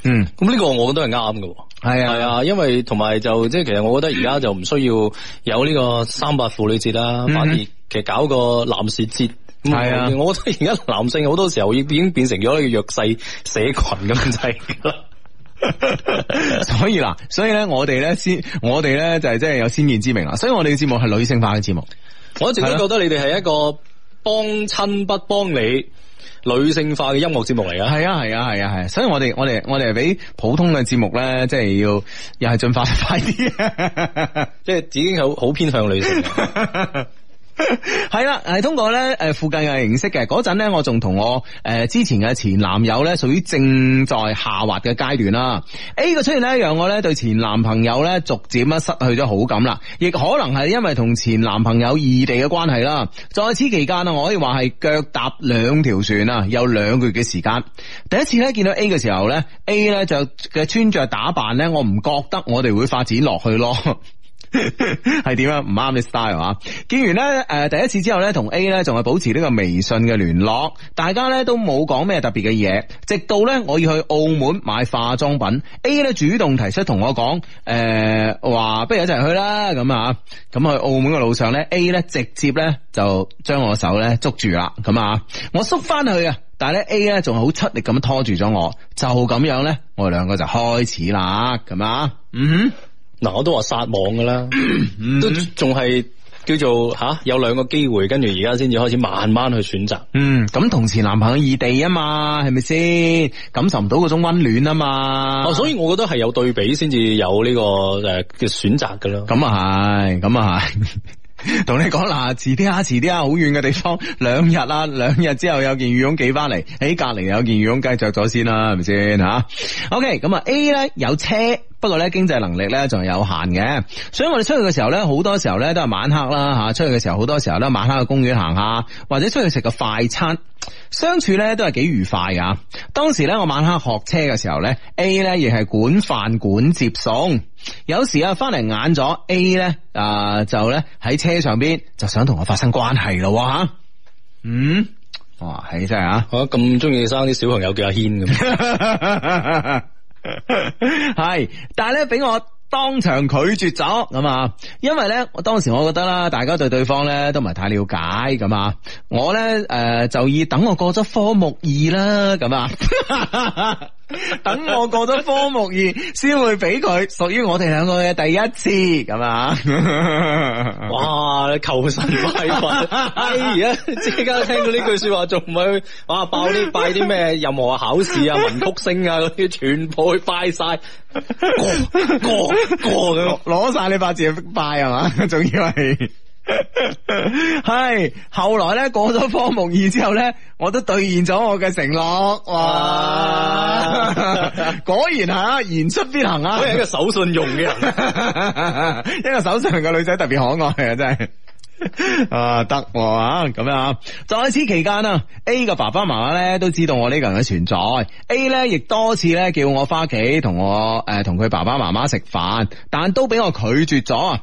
嗯，咁呢個我覺得係啱嘅。係啊，係啊，因為同埋就即係，其實我覺得而家就唔需要有呢個三八婦女節啦，嗯、哼反而其實搞個男士節。係啊，不啊我覺得而家男性好多時候已已經變成咗呢個弱勢社群咁滯噶啦。所以嗱，所以咧，我哋咧先，我哋咧就係即係有先見之明啊！所以我哋嘅節目係女性化嘅節目。我一直都覺得你哋係一個幫親不幫你。是啊 女性化嘅音樂節目嚟㗎，係啊係啊係啊係啊，所以我哋我哋我哋係比普通嘅節目咧，即係要又係進化得快啲，即係已經好好偏向女性。 係 啦，係通過咧，誒，附近嘅形式嘅嗰陣咧，我仲同我誒之前嘅前男友咧，屬於正在下滑嘅階段啦。A 嘅出現咧，讓我咧對前男朋友咧逐漸咁失去咗好感啦，亦可能係因為同前男朋友異地嘅關係啦。在此期間啊，我可以話係腳踏兩條船啊，有兩個月嘅時間。第一次咧見到 A 嘅時候咧，A 咧就嘅穿着打扮咧，我唔覺得我哋會發展落去咯。係點啊？唔啱你 style 啊！見完咧，誒、呃，第一次之後咧，同 A 咧仲係保持呢個微信嘅聯絡，大家咧都冇講咩特別嘅嘢，直到咧我要去澳門買化妝品，A 咧主動提出同我講，誒、呃，話不如一齊去啦，咁啊，咁、啊、去澳門嘅路上咧，A 咧直接咧就將我手咧捉住啦，咁啊，我縮翻去啊，但係咧 A 咧仲係好出力咁拖住咗我，就咁樣咧，我哋兩個就開始啦，咁啊，嗯哼。嗱，我都話撒網噶啦，嗯、都仲係叫做吓、啊、有兩個機會，跟住而家先至開始慢慢去選擇。嗯，咁同時男朋友異地啊嘛，係咪先感受唔到嗰種溫暖啊嘛？哦、啊，所以我覺得係有對比先至有呢、這個誒嘅、啊、選擇噶咯。咁啊係，咁啊係。 同你講嗱，遲啲啊，遲啲啊，好遠嘅地方，兩日啊，兩日之後有件羽絨寄翻嚟，喺隔籬有件羽絨，梗係着咗先啦，係咪先吓？OK，咁啊 A 呢有車，不過呢經濟能力呢仲係有限嘅，所以我哋出去嘅時候呢，好多時候呢都係晚黑啦吓，出去嘅時候好多時候呢晚黑去公園行下，或者出去食個快餐，相處呢都係幾愉快噶。當時呢，我晚黑學車嘅時候呢，a 呢亦係管飯管接送。有時啊，翻嚟眼咗 A 咧，啊、呃、就咧喺車上邊就想同我發生關係咯吓，嗯，哇，係真係啊，我咁中意生啲小朋友叫阿軒咁，係， 但係咧俾我當場拒絕咗，咁啊，因為咧我當時我覺得啦，大家對對方咧都唔係太了解，咁啊，我咧誒、呃、就以等我過咗科目二啦，咁啊。 等我過咗科目二，先會俾佢屬於我哋兩個嘅第一次咁啊、 哎！哇，你求神拜佛，而家即刻聽到呢句說話，仲唔去哇？爆呢拜啲咩任何考試啊、文曲星啊嗰啲，全部去拜曬，過過過，攞晒你八字去拜係嘛？仲要係。係 後來咧，過咗科目二之後咧，我都兌現咗我嘅承諾。哇！ 果然吓、啊、言出必行啊，佢係一個守信用嘅人。一個手上嘅女仔特別可愛啊，真係 啊得我啊咁樣啊。在此期間啊，A 嘅爸爸媽媽咧都知道我呢個人嘅存在。A 咧亦多次咧叫我翻屋企同我誒同佢爸爸媽媽食飯，但都俾我拒絕咗。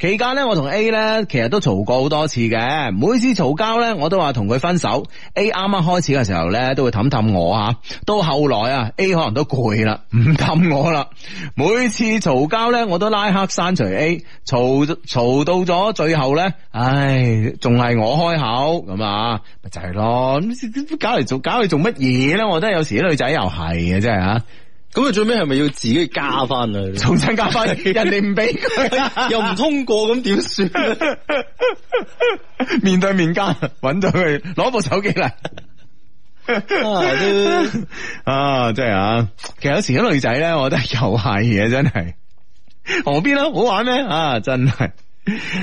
期間咧，我同 A 咧，其實都嘈過好多次嘅。每次嘈交咧，我都話同佢分手。A 啱啱開始嘅時候咧，都會氹氹我吓。到後來啊，A 可能都攰啦，唔氹我啦。每次嘈交咧，我都拉黑刪除 A。嘈嘈到咗最後咧，唉，仲係我開口咁啊，咪就係咯。咁搞嚟做，搞嚟做乜嘢咧？我覺得有時啲女仔又係嘅，真係啊。咁佢最尾係咪要自己加翻佢？重新加翻佢， 人哋唔俾佢， 又唔通過，咁點算？ 面對面加，搵到佢，攞部手機嚟。 啊， 啊，即係啊，其實有時啲女仔咧，我覺得又係嘢，真係， 何必啦？好玩咩？啊，真係。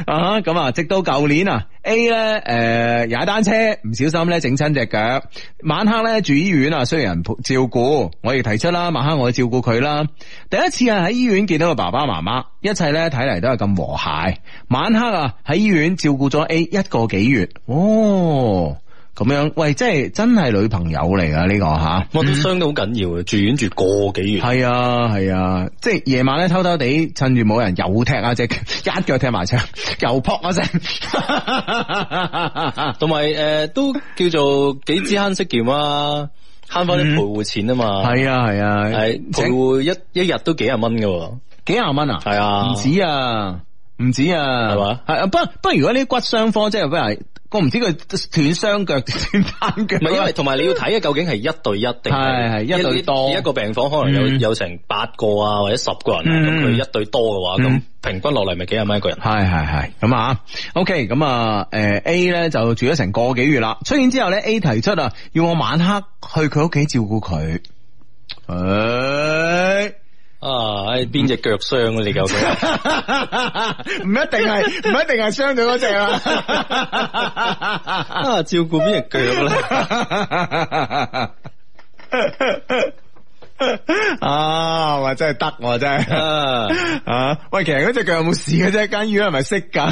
啊 咁啊，直到舊年啊，A 咧，誒、呃、踩單車唔小心咧，整親隻腳，晚黑呢，住醫院啊，需要人照顧，我亦提出啦，晚黑我照顧佢啦。第一次啊，喺醫院見到個爸爸媽媽，一切呢睇嚟，都係咁和諧。晚黑啊喺醫院照顧咗 A 一個幾月哦。咁樣，喂，即係真係女朋友嚟噶呢個吓，我、啊嗯、都傷到好緊要啊，住院住個幾月。係啊係啊，即係夜晚咧偷偷地趁住冇人，又踢啊只，一腳踢埋出，又撲啊聲，同埋誒都叫做幾支慳識鉗啊，慳翻啲陪護錢啊嘛。係啊係啊，係陪護一一日都幾廿蚊噶，幾廿蚊啊？係啊，唔、啊、止啊，唔止啊，係嘛吧？係啊，不不過如果呢啲骨傷科即係比如。我唔知佢斷雙腳斷單腳，係因為同埋 你要睇啊，究竟係一對一定係一對多？一,一個病房可能有、嗯、有成八個啊或者十個人、啊，咁佢、嗯、一對多嘅話，咁、嗯、平均落嚟咪幾廿蚊一個人？係係係咁啊，OK，咁啊，誒、OK, 啊、A 咧就住咗成個幾月啦，出院之後咧 A 提出啊，要我晚黑去佢屋企照顧佢。哎啊！邊隻腳傷咧？你究竟唔一定係唔一定係傷咗嗰隻啊！照顧邊隻腳咧？啊！我真係得我真係啊！喂，啊、 喂其實嗰隻腳有冇事嘅啫？間醫院係咪識噶？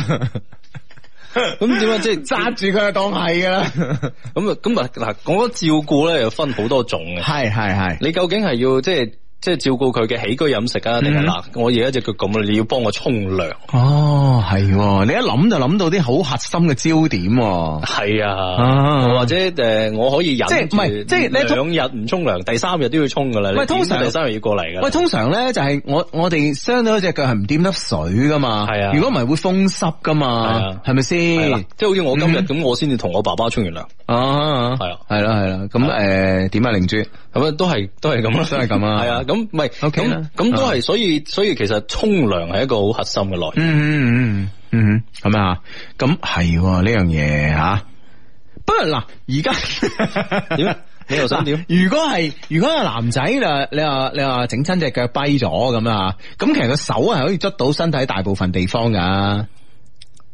咁點啊？即係揸住佢當係噶啦？咁咁啊嗱，講到照顧咧，又分好多種嘅。係係係，你究竟係要即係？即係照顧佢嘅起居飲食啊，定係嗱，我而家隻腳咁，你要幫我沖涼。哦，係，你一諗就諗到啲好核心嘅焦點。係啊，或者誒，我可以忍。即係唔係？即係你兩日唔沖涼，第三日都要沖噶啦。喂，通常第三日要過嚟噶。喂，通常咧就係我我哋傷到一隻腳係唔掂得水噶嘛。係啊。如果唔係會風濕噶嘛。係係咪先？即係好似我今日咁，我先至同我爸爸沖完涼。啊。係啊。係啦係啦，咁誒，點啊，靈珠？咁啊，都係都係咁咯，都係咁啊，係啊，咁唔係，咁咁都係，所以所以其實沖涼係一個好核心嘅內容，嗯嗯嗯嗯，係啊？咁係呢樣嘢吓，不過嗱，而家點你又想點？如果係如果係男仔啊，你話你話整親隻腳跛咗咁啊？咁其實個手係可以捉到身體大部分地方噶，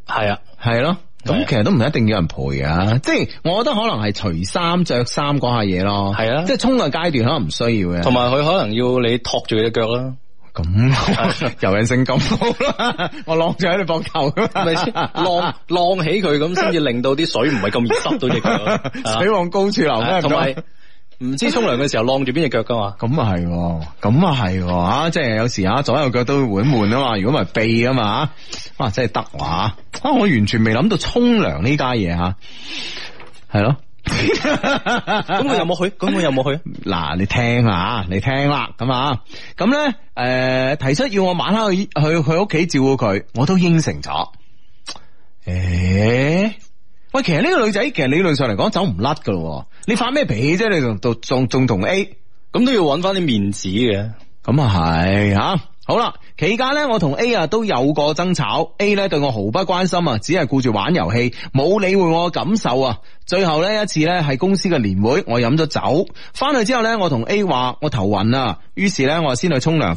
係啊，係咯。咁其實都唔一定要人陪啊，即係的我覺得可能係除衫着衫嗰下嘢咯，係啊的，即係沖嘅階段可能唔需要嘅，同埋佢可能要你托住佢隻腳啦，咁游泳性咁好啦， 我晾住喺你膊頭，咪先晾晾起佢咁先至令到啲水唔係咁熱濕到隻腳， 水往高處流，同埋。唔知沖涼嘅時候晾住邊隻腳噶嘛？咁啊係，咁啊係，吓即係有時啊，左右腳都會悶悶啊嘛。如果唔係痹啊嘛，哇，真係得話啊！我完全未諗到沖涼呢家嘢吓，係咯。咁佢有冇去，咁我有冇去。嗱、啊，你聽下、啊，你聽啦，咁啊，咁、嗯、咧，誒、呃，提出要我晚黑去去去佢屋企照顧佢，我都應承咗。誒、欸，喂，其實呢個女仔，其實理論上嚟講，走唔甩噶咯。你發咩脾氣啫？你仲仲仲同 A 咁都要揾翻啲面子嘅，咁啊係吓。好啦，期間呢，我同 A 啊都有過爭吵，A 呢對我毫不關心啊，只係顧住玩遊戲，冇理會我嘅感受啊。最後呢一次呢係公司嘅年會，我飲咗酒，翻去之後呢，我同 A 話我頭暈啊，於是呢，我先去沖涼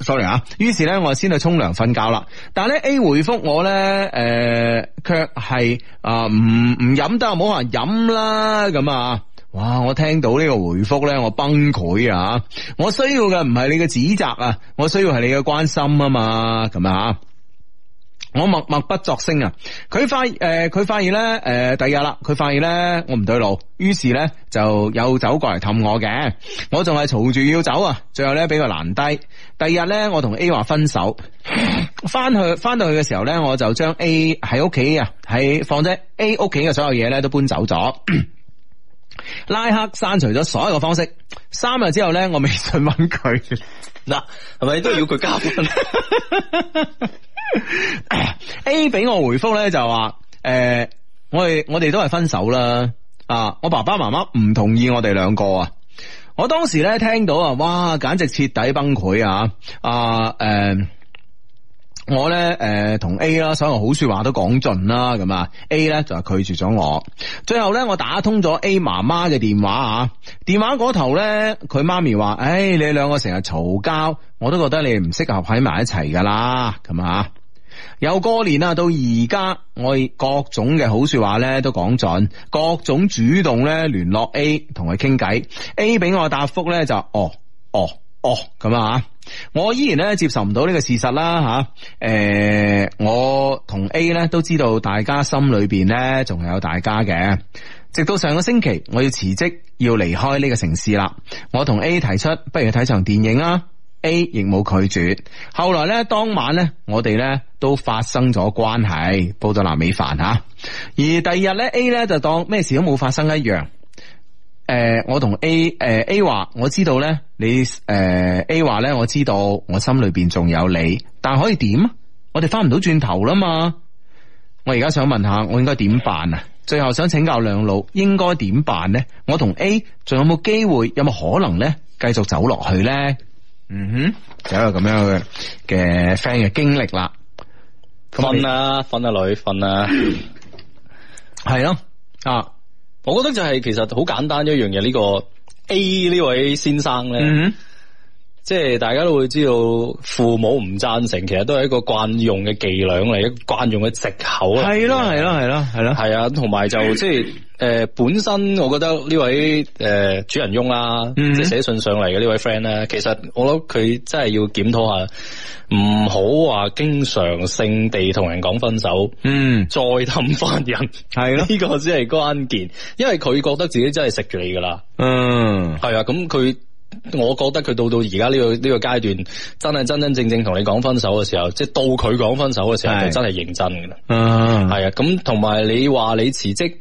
sorry 啊，於是咧我先去沖涼瞓覺啦。但係咧 A 回覆我咧，誒、呃，卻係啊唔唔飲都冇話飲啦。咁啊，哇！我聽到呢個回覆咧，我崩潰啊！我需要嘅唔係你嘅指責啊，我需要係你嘅關心啊嘛。咁啊我默默不作聲啊！佢發誒，佢、呃、發現咧誒、呃，第二日啦，佢發現咧我唔對路，於是咧就又走過嚟氹我嘅。我仲係嘈住要走啊，最後咧俾佢攔低。第二日咧，我同 A 話分手，翻 去翻到去嘅時候咧，我就將 A 喺屋企啊，喺放咗 A 屋企嘅所有嘢咧都搬走咗， 拉黑刪除咗所有嘅方式。三日之後咧，我微信揾佢，嗱，係咪都要佢交？ A 俾我回覆咧就話誒、呃，我哋我哋都係分手啦啊！我爸爸媽媽唔同意我哋兩個啊！我當時咧聽到啊，哇，簡直徹底崩潰啊！啊、呃、誒。我呢誒同、呃、A 啦，所有好說話都講盡啦，咁啊 A 呢就係拒絕咗我。最後呢，我打通咗 A 媽媽嘅電話啊，電話嗰頭呢，佢媽咪話：，誒、哎、你兩個成日嘈交，我都覺得你唔適合喺埋一齊噶啦，咁啊。由過年啊到而家，我各種嘅好話說話呢都講盡，各種主動呢聯絡 A 同佢傾偈。A 俾我答覆呢就：，哦，哦。哦，咁啊，我依然咧接受唔到呢個事實啦，吓、啊，誒、欸，我同 A 咧都知道大家心裏邊咧仲係有大家嘅。直到上個星期，我要辭職要離開呢個城市啦，我同 A 提出，不如睇場電影啦，A 亦冇拒絕。後來咧當晚咧，我哋咧都發生咗關係，煲到南美飯吓、啊。而第二日咧，A 咧就當咩事都冇發生一樣。誒、呃，我同 A 誒、呃、A 話，我知道咧，你誒、呃、A 話咧，我知道我心裏邊仲有你，但可以點啊？我哋翻唔到轉頭啦嘛！我而家想問下，我應該點辦啊？最後想請教兩老，應該點辦呢？我同 A 仲有冇機會？有冇可能呢？繼續走落去呢？嗯哼，就有個咁樣嘅嘅 friend 嘅經歷啦。瞓啦，瞓啊女，瞓啊，係咯啊。 我覺得就係其實好簡單一樣嘢，呢個 A 呢位先生咧。嗯即係大家都會知道父母唔贊成，其實都係一個慣用嘅伎倆嚟，一慣用嘅借口啦。係咯，係 咯，係咯、嗯，係咯。係啊，同埋就即係誒，本身我覺得呢位誒、呃、主人翁啦，即係寫信上嚟嘅呢位 friend 咧，其實我諗佢真係要檢討下，唔好話經常性地同人講分手。嗯，再氹翻人，係咯，呢個只係關鍵，因為佢覺得自己真係食住你噶啦。嗯，係啊，咁佢。我覺得佢到到而家呢個呢個階段，真係真真正正同你講分手嘅時候，即係到佢講分手嘅時候，佢是真係認真嘅啦。係啊、uh，咁同埋你話你辭職，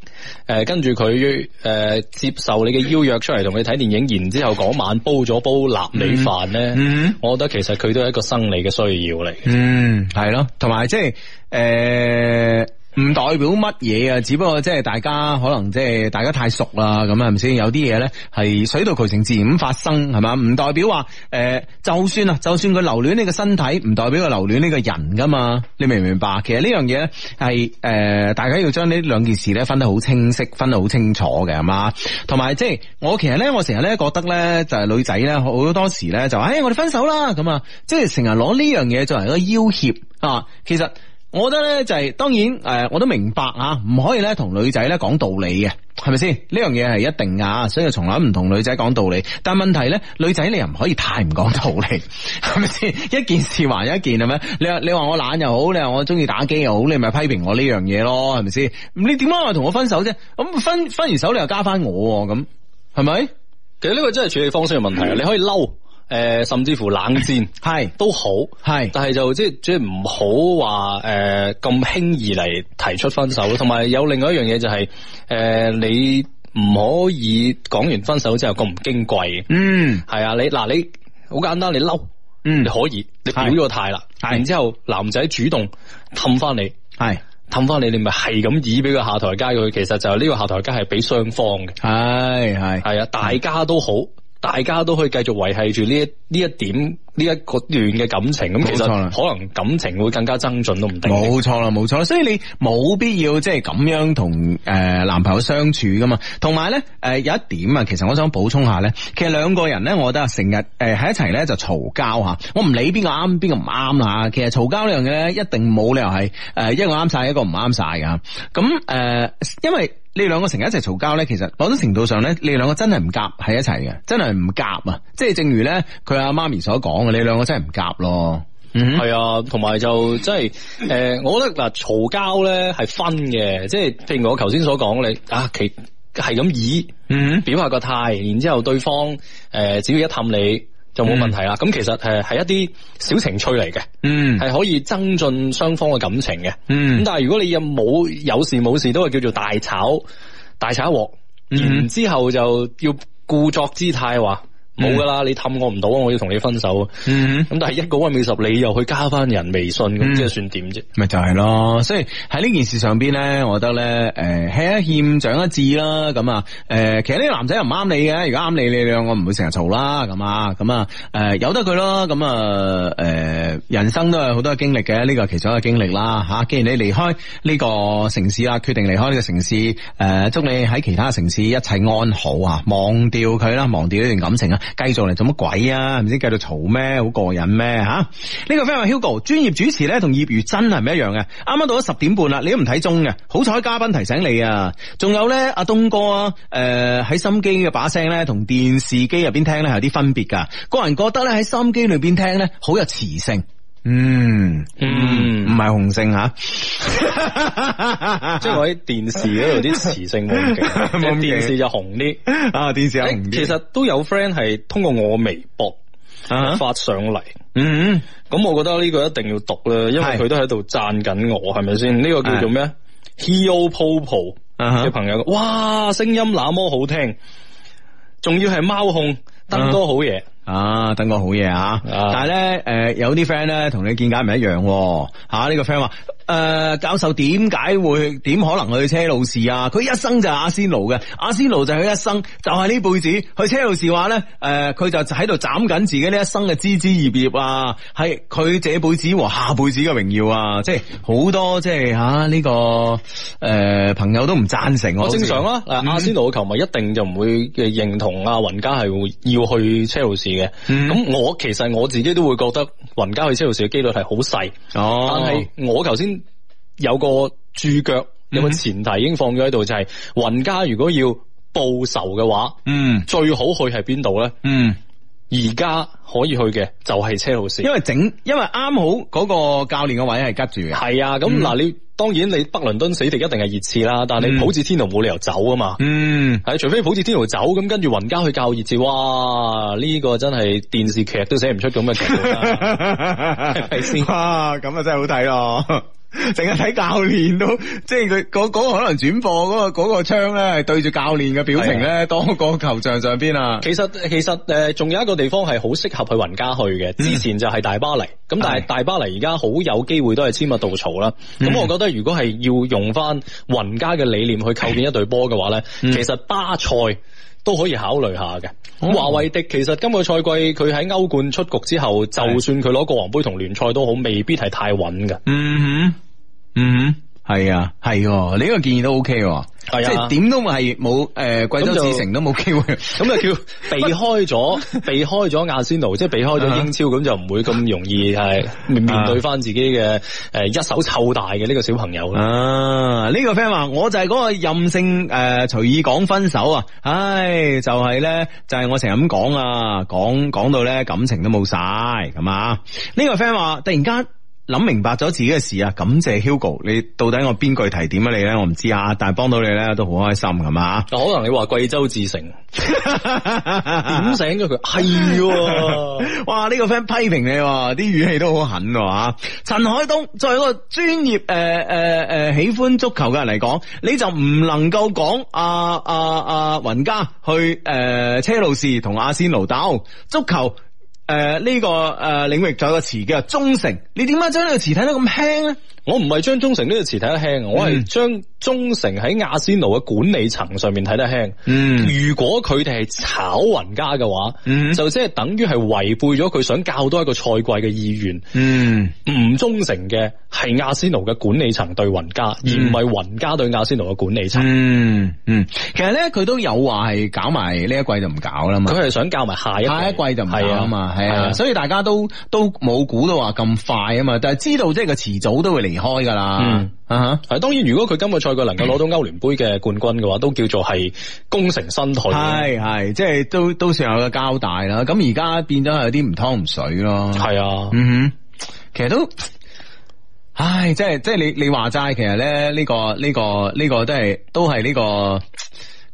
誒跟住佢誒接受你嘅邀約出嚟同你睇電影，然之後嗰晚煲咗煲臘味飯咧，mm hmm. 我覺得其實佢都係一個生理嘅需要嚟嘅、mm。嗯、hmm.，係咯、就是，同埋即係誒。唔代表乜嘢啊？只不過即係大家可能即係大家太熟啦，咁係咪先？有啲嘢咧係水到渠成自然咁發生，係嘛？唔代表話誒、呃，就算啊，就算佢留戀呢個身體，唔代表佢留戀呢個人噶嘛？你明唔明白？其實呢樣嘢咧係誒，大家要將呢兩件事咧分得好清晰，分得好清楚嘅，係嘛？同埋即係我其實咧，我成日咧覺得咧就係、是、女仔咧好多時咧就話誒，我哋分手啦咁啊，即係成日攞呢樣嘢作為一個要挾啊，其實。我覺得咧就係、是、當然誒，我都明白啊，唔可以咧同女仔咧講道理嘅，係咪先？呢樣嘢係一定啊，所以從來唔同女仔講道理。但係問題咧，女仔你又唔可以太唔講道理，係咪先？一件事還一件係咪？你話你話我懶又好，你話我中意打機又好，你咪批評我呢樣嘢咯，係咪先？你點解話同我分手啫？咁分分完手你又加翻我，咁係咪？其實呢個真係處理方式嘅問題啊，的你可以嬲。誒、呃，甚至乎冷戰係是都好係，是但係就即係即係唔好話誒咁輕易嚟提出分手，同埋是的 有另外一樣嘢就係、是、誒、呃、你唔可以講完分手之後咁唔矜貴，貴嗯，係啊，你嗱你好簡單，你嬲，嗯，你可以，你表咗態啦，是的 然後之後男仔主動氹翻你，係氹翻你，你咪係咁以俾個下台階佢，其實就係呢個下台階係俾雙方嘅，係係係啊，大家都好。大家都可以繼續維繫住呢一呢一點呢一個段嘅感情，咁其實可能感情會更加增進都唔定。冇錯啦，冇錯啦，所以你冇必要即係咁樣同誒男朋友相處㗎嘛。同埋咧誒有一點啊，其實我想補充下咧，其實兩個人咧，我覺得成日誒喺一齊咧就嘈交吓，我唔理邊個啱邊個唔啱吓。其實嘈交呢樣嘢咧，一定冇理由係誒一個啱晒，一個唔啱晒㗎。咁誒、呃，因為。你哋兩個成日一齊嘈交咧，其實某種程度上咧，你哋兩個真係唔夾喺一齊嘅，真係唔夾啊！即係正如咧佢阿媽咪所講嘅，你哋兩個真係唔夾咯。嗯，係啊，同埋就即係誒，我覺得嗱，嘈交咧係分嘅，即係譬如我頭先所講，你啊其係咁以嗯表下個態，然之後對方誒、呃、只要一氹你。就冇問題啦。咁、嗯、其實誒係一啲小情趣嚟嘅，嗯，係可以增進雙方嘅感情嘅。嗯，咁但係如果你有冇有事冇事都係叫做大炒大炒鑊，然後之後就要故作姿態話。冇㗎啦，你氹我唔到，啊，我要同你分手。啊、嗯。咁但係一個屈美十，你又去加返人微信，咁即係算點啫？咪、嗯、就係、是、咯，所以喺呢件事上邊咧，我覺得咧，誒、呃，食一塹長一智啦。咁啊，誒、呃，其實呢個男仔又唔啱你嘅，如果啱你，你兩個唔會成日嘈啦。咁啊，咁啊，誒，由得佢咯。咁啊，誒、呃，人生都係好多經歷嘅，呢、這個其中一個經歷啦。吓、啊，既然你離開呢個城市啊，決定離開呢個城市，誒、啊，祝你喺其他城市一切安好啊！忘掉佢啦，忘掉呢段感情啊！繼續嚟做乜鬼啊？係咪先繼續嘈咩？好過癮咩？吓、啊！呢、這個 friend Hugo 專業主持咧，同業餘真係唔一樣嘅？啱啱到咗十點半啦，你都唔睇鐘嘅。好彩嘉賓提醒你啊！仲有咧，阿、啊、東哥誒、啊、喺、呃、心機嘅把聲咧，同電視機入邊聽咧係有啲分別噶。個人覺得咧喺心機裏邊聽咧好有磁性。嗯嗯，唔係雄性吓，即係我喺電視度啲磁性冇勁，電視就紅啲啊，電視啊紅啲。其實都有 friend 係通過我微博發上嚟，嗯，咁我覺得呢個一定要讀啦，因為佢都喺度讚緊我，係咪先？呢個叫做咩？Heo Poo Poo 嘅朋友，哇，聲音那麼好聽，仲要係貓控，得多好嘢。啊，等個好嘢啊！但係咧，誒、呃，有啲 friend 咧同你見解唔一樣喎。嚇、啊，呢、這個 friend 話。誒、呃，教授點解會點可能去車路士啊？佢一生就係阿仙奴嘅，阿仙奴就係佢一生就係呢輩子去車路士話咧。誒、呃，佢就喺度斬緊自己呢一生嘅枝枝葉葉啊，係佢這輩子和下輩子嘅榮耀啊，即係好多即係吓呢個誒、呃、朋友都唔贊成我正常啦。嗯、阿仙奴嘅球迷一定就唔會嘅認同阿雲加係要去車路士嘅。咁、嗯、我其實我自己都會覺得雲加去車路士嘅幾率係好細。哦，但係我頭先。有個註腳，有個前提已經放咗喺度，就係、是、雲加如果要報仇嘅話，嗯，最好去係邊度咧？嗯，而家可以去嘅就係車路士，因為整，因為啱好嗰個教練嘅位係吉住嘅。係啊，咁嗱，嗯、你當然你北倫敦死敵一定係熱刺啦，但係你普治天奴冇理由走啊嘛。嗯，係除非普治天奴走，咁跟住雲加去教熱刺，哇，呢、這個真係電視劇都寫唔出咁嘅劇情，係咪先？ 哇、啊，咁啊真係好睇咯～成日睇教練都，即係佢嗰嗰個可能轉播嗰、嗰個嗰、嗰個窗咧，對住教練嘅表情咧，的當個球場上邊啊。其實其實誒，仲有一個地方係好適合去雲加去嘅。之前就係大巴黎，咁、嗯、但係大巴黎而家好有機會都係簽埋稻草啦。咁、嗯、我覺得如果係要用翻雲加嘅理念去構建一隊波嘅話咧，嗯、其實巴塞都可以考慮下嘅。咁華維迪其實今個賽季佢喺歐冠出局之後，是的 就算佢攞個王杯同聯賽都好，未必係太穩嘅。嗯哼。嗯嗯，係啊，係、啊，你呢個建議、啊啊、都 O K，即係點都係冇，誒、呃，貴州智誠都冇機會就，咁 就叫避開咗，避開咗亞仙奴，即係 避開咗英超，咁 就唔會咁容易係面， 面對翻自己嘅誒、呃、一手湊大嘅呢個小朋友。啊，呢、這個 friend 話我就係嗰個任性誒，隨、呃、意講分手啊，唉，就係、是、咧，就係、是、我成日咁講啊，講講到咧感情都冇晒，咁啊，呢、這個 friend 話突然間。諗明白咗自己嘅事啊！感謝 Hugo，你到底我邊句提點咗你咧？我唔知啊，但係幫到你咧都好開心，㗎嘛？可能你話貴州至誠 點醒咗佢？係 的， 哇！呢、這個 friend 批評你，啲語氣都好狠，哇、啊！陳海東，作為一個專業誒誒誒喜歡足球嘅人嚟講，你就唔能夠講阿阿阿云家去誒、呃、車路士同阿仙奴鬥足球。誒，呢、呃，這個誒、呃、領域仲有個詞叫忠誠，你點解將呢個詞睇得咁輕咧？我唔係將忠誠呢個詞睇得輕，我係將忠誠喺阿仙奴嘅管理層上面睇得輕。嗯，如果佢哋係炒雲加嘅話，mm hmm. 就即係等於係違背咗佢想教多一個賽季嘅意願。嗯、mm，唔、hmm. 忠誠嘅係阿仙奴嘅管理層對雲加，而唔係雲加對阿仙奴嘅管理層。Mm hmm. 嗯，嗯，其實咧佢都有話係搞埋呢一季就唔搞啦嘛。佢係想教埋下，下一季就唔係啊嘛，係啊，所以大家都都冇估到話咁快啊嘛，但係知道即係佢遲早都會嚟。t 開噶啦，啊吓，係當然，如果佢今個賽季能夠攞到歐聯杯嘅冠軍嘅話，嗯、都叫做係功成身退，係係，即係都都算有個交代啦。咁而家變咗係有啲唔湯唔水咯，係啊，嗯哼，其實都，唉，即係即係你你話齋，其實咧呢個呢個呢個都係都係呢個。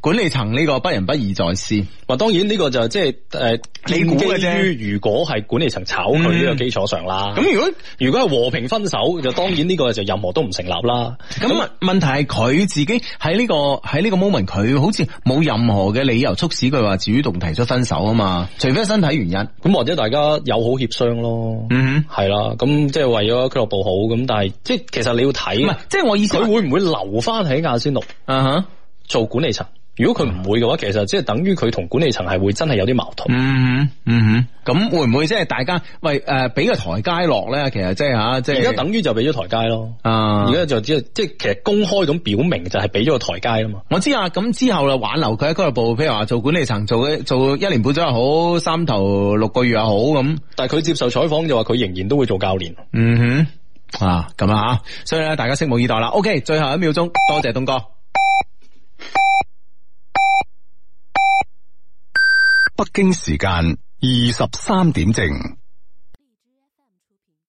管理層呢個不仁不義在先，話當然呢個就即係誒，呃、你估嘅基於如果係管理層炒佢呢個基礎上啦。咁、嗯、如果如果係和平分手，就當然呢個就任何都唔成立啦。咁啊問題係佢自己喺呢個喺呢個 moment，佢好似冇任何嘅理由促使佢話主動提出分手啊嘛。除非身體原因，咁或者大家友好協商咯。嗯哼，係啦，咁即係為咗俱樂部好咁，但係即係其實你要睇，即係我意思，佢會唔會留翻喺亞仙奴？嗯、uh huh. 做管理層。如果佢唔會嘅話，其實即係等於佢同管理層係會真係有啲矛盾。嗯嗯，咁會唔會即係大家喂誒，俾、呃、個台階落咧？其實即係吓，即係而家等於就俾咗台階咯。啊，而家就即係即係，其實公開咁表明就係俾咗個台階啦嘛。我知啊，咁之後就挽留佢喺俱樂部，譬如話做管理層，做做一年半載又好，三頭六個月又好咁。但係佢接受採訪就話佢仍然都會做教練。嗯哼，啊咁啊吓，所以咧大家拭目以待啦。OK，最後一秒鐘，多謝東哥。北京時間二十三點正。